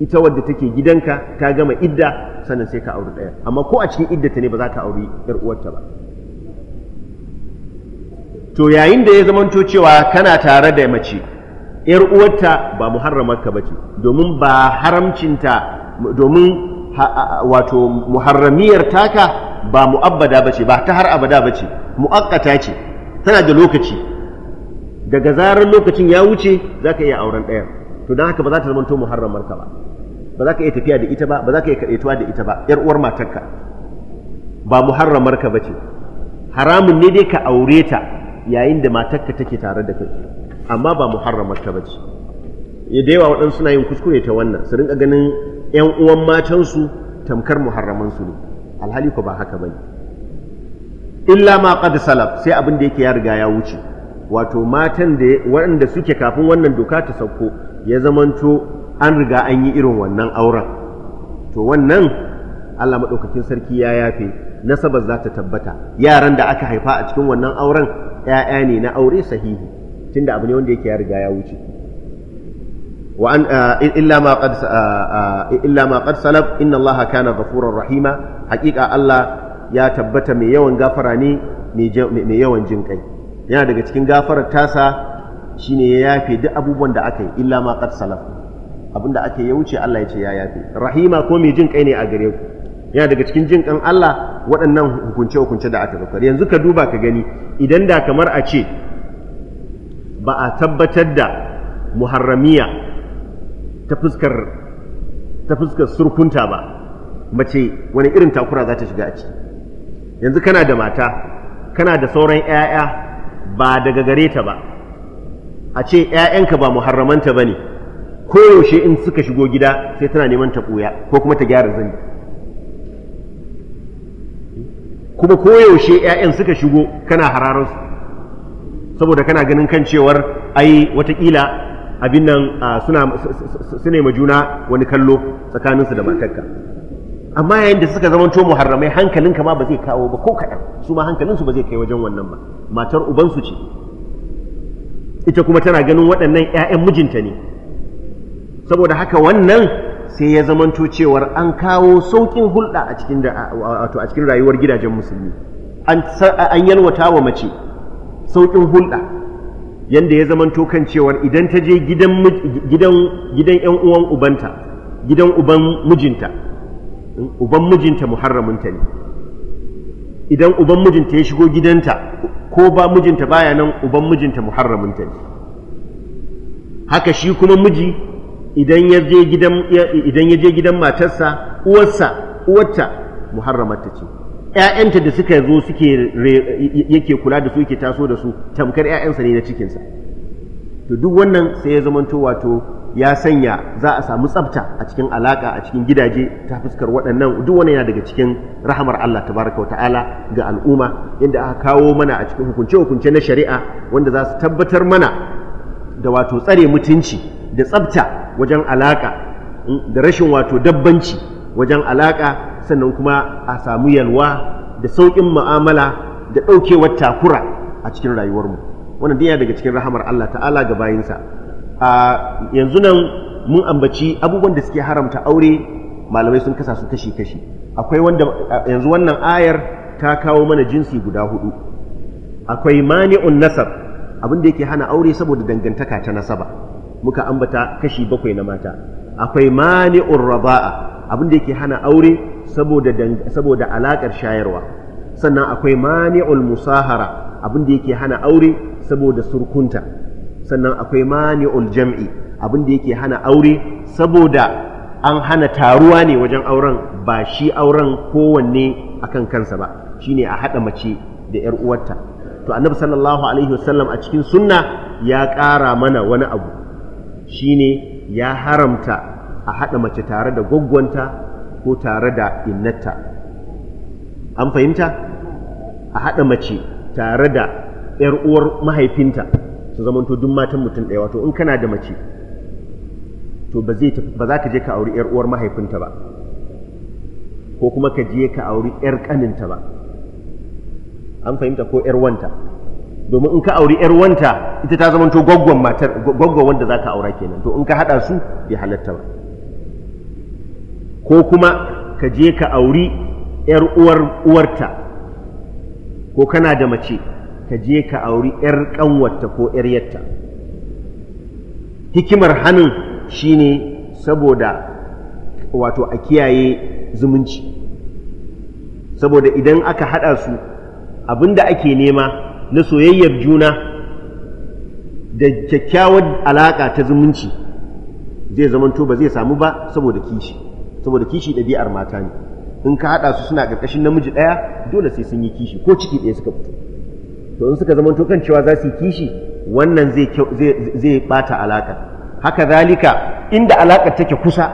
ita wadda take gidanka ta gama idda sannan sai ka aure ɗaya amma ko a cikin iddata ne ba za ka aure yar uwarta ba to yayin da ya zamanto cewa kana tare da mace yar uwarta ba muharramarka ba ce domin ba haramcinta domin wato muharramiyar taka ba mu'abbada ba ce ba ta har abada ba ce mu'akkata ce tana da lokaci daga zarar lokacin ya wuce za ka iya auren ɗaya to don haka ba za ta zamanto muharramarka ba ba za ka iya tafiya da ita ba ba za ka iya kaɗaituwa da ita ba yar uwar matarka ba muharramarka ba bace haramun ne dai ka aure ta yayin da matarka take tare da kai amma ba muharramar ka ya da yawa waɗansu suna yin kuskure ta wannan su rinka ganin ƴan uwan matansu tamkar muharramansu ne alhali ko ba haka ba ne. illa ma qad salaf sai abin da yake ya riga ya wuce wato matan da waɗanda suke kafin wannan doka ta sauko ya zamanto an riga an yi irin wannan auren to wannan Allah maɗaukakin sarki ya yafe nasabar za ta tabbata yaran da aka haifa a cikin wannan auren ƴaƴa ne na aure sahihi tunda abu ne wanda yake ya riga ya wuce illa ma qad salaf inna Allah kana ghafurur rahima haƙiƙa Allah ya tabbata mai yawan gafara ne mai yawan jin kai yana daga cikin gafarar tasa shine ya yafe duk abubuwan da aka yi illa ma qad salaf abinda aka ya wuce Allah ya ce ya yafe rahima ko mai jin kai ne a gare ku yana daga cikin jin kan Allah waɗannan hukunce hukunce da aka daukar yanzu ka duba ka gani idan da kamar a ce ba a tabbatar da muharramiya ta fuskar ta fuskar surkunta ba mace wani irin takura za ta shiga a ciki yanzu kana da mata kana da sauran 'ya'ya ba daga gare ta ba a ce 'ya'yanka ba muharramanta ba ne koyaushe in suka shigo gida sai tana neman ta ɓuya ko kuma ta gyara zani kuma koyaushe 'ya'yan suka shigo kana harararsu saboda kana ganin kan cewar ai watakila abin nan suna ne ma juna wani kallo tsakaninsu da matakka. amma yayin da suka zama muharramai hankalinka ma ba zai kawo ba ko kaɗan su ma hankalinsu ba zai kai wajen wannan ba matar ubansu ce ita kuma tana ganin waɗannan 'ya'yan mijinta ne saboda haka wannan sai ya zamanto cewar an kawo sauƙin hulɗa a cikin a cikin rayuwar gidajen musulmi an yalwata wa mace sauƙin hulɗa yadda ya zamanto kan cewar idan ta je gidan gidan 'yan uwan ubanta gidan uban mijinta uban mijinta muharraminta ne idan uban mijinta ya shigo gidanta ko ba mijinta baya nan uban mijinta muharraminta ne haka shi kuma miji idan ya je gidan idan ya je gidan matarsa uwarsa uwarta muharramarta ce ƴaƴanta da suka zo suke yake kula da su yake taso da su tamkar ƴaƴansa ne na cikinsa to duk wannan sai ya zamanto wato ya sanya za a samu tsafta a cikin alaka a cikin gidaje ta fuskar waɗannan duk wani yana daga cikin rahamar Allah tabaraka wa ta'ala ga al'umma inda aka kawo mana a cikin hukunce hukunce na shari'a wanda za su tabbatar mana da wato tsare mutunci da tsafta wajen alaka hmm, da rashin wato dabbanci wajen alaka sannan kuma a samu yalwa da sauƙin mu'amala da ɗaukewar takura a cikin rayuwarmu wannan duk yana daga cikin rahamar Allah ta'ala ga bayinsa a yanzu nan mun ambaci abubuwan da suke haramta aure malamai sun kasa su kashi kashi akwai wanda yanzu wannan ayar ta kawo mana jinsi guda hudu akwai mani'un nasab abin da yake hana aure saboda dangantaka ta nasaba muka ambata kashi bakwai na mata akwai mani'un raba'a abin da yake hana aure saboda saboda alakar shayarwa sannan akwai mani'ul musahara abin da yake hana aure saboda surkunta sannan akwai mani'ul jam'i abin da yake hana aure saboda an hana taruwa ne wajen auren ba shi auren kowanne akan kansa ba shine a haɗa mace da 'yar uwarta to annabi sallallahu alaihi wasallam a cikin sunna ya ƙara mana wani abu shine ya haramta a haɗa mace tare da gwaggwanta ko tare da innata an fahimta a haɗa mace tare da 'yar uwar mahaifinta su zamanto duk matan mutum ɗaya wato in kana da mace to ba za ka je ka auri ‘yar uwar mahaifinta ba ko kuma ka je ka auri ‘yar ƙaninta ba an fahimta ko ‘yar wanta domin in ka auri ‘yar wanta ita ta zamanto gwaggon matar gwaggon wanda za ka aura kenan to in ka haɗa su bai halatta ba ko kuma ka je ka auri ‘yar uwar uwarta ko kana da mace ka je ka auri 'yar ƙanwarta ko 'yar yatta hikimar hannun shine saboda wato a kiyaye zumunci saboda idan aka haɗa su abin da ake nema na soyayyar juna da kyakkyawar alaƙa ta zumunci zai zamanto ba zai samu ba saboda kishi saboda kishi ɗabi'ar mata ne in ka haɗa su suna ƙarƙashin namiji ɗaya dole sai sun yi kishi ko ciki ɗaya suka fito to in suka zamanto kan cewa za su yi kishi wannan zai bata alaƙar haka zalika inda alaƙar take kusa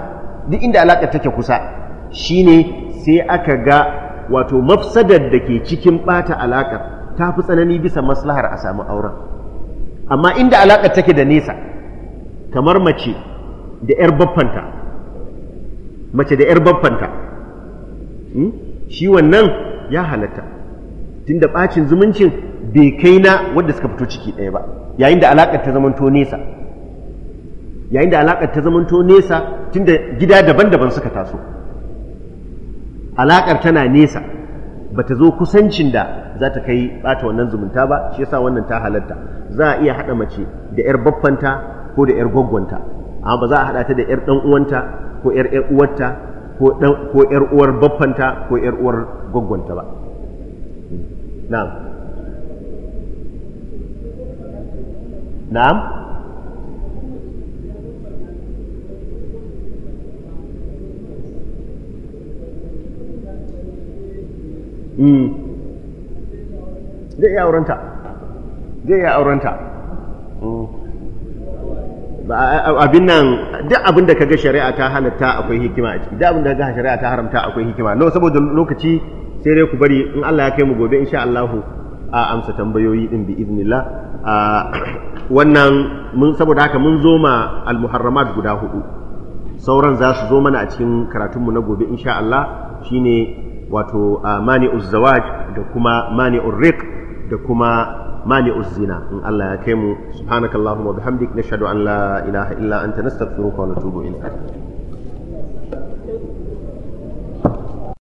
duk inda alaƙar take kusa shine sai aka ga wato mafsadar da ke cikin bata alaƙar ta fi tsanani bisa maslahar a samu auren amma inda alaƙar take da nesa kamar mace da 'yar baffanta mace da 'yar baffanta hmm, shi wannan ya halatta tunda ɓacin zumuncin bai kai na wanda suka fito ciki ɗaya ba yayin da alaƙar ta zamanto nesa yayin da alaƙar ta zamanto nesa tunda gida daban-daban suka taso alaƙar tana nesa Ba ta zo kusancin da za ta kai ɓata wannan zumunta ba shi yasa wannan ta halatta za a iya haɗa mace da 'yar baffanta ko da 'yar gwaggwanta amma ba za a haɗa ta da 'yar ɗan uwanta ko 'yar uwarta ko 'yar uwar baffanta ko 'yar uwar gwaggwanta ba hmm. na'am na'am hmm. zai iya aurenta zai iya aurenta hmm. abin nan duk abin da kaga shari'a ta halatta akwai hikima a ciki duk abin da kaga shari'a ta haramta akwai hikima no saboda lokaci sai dai ku bari in Allah ya kai mu gobe insha Allah a amsa tambayoyi din bi idnillah wannan mun saboda haka mun zo ma al-muharramat guda hudu sauran za su zo mana a cikin karatunmu na gobe insha Allah shine wato mani uzzawaj da kuma mani urriq da kuma mani zina in Allah ya kai mu subhanakallahumma wa bihamdik nashhadu an la ilaha illa anta nastaghfiruka wa natubu ilayk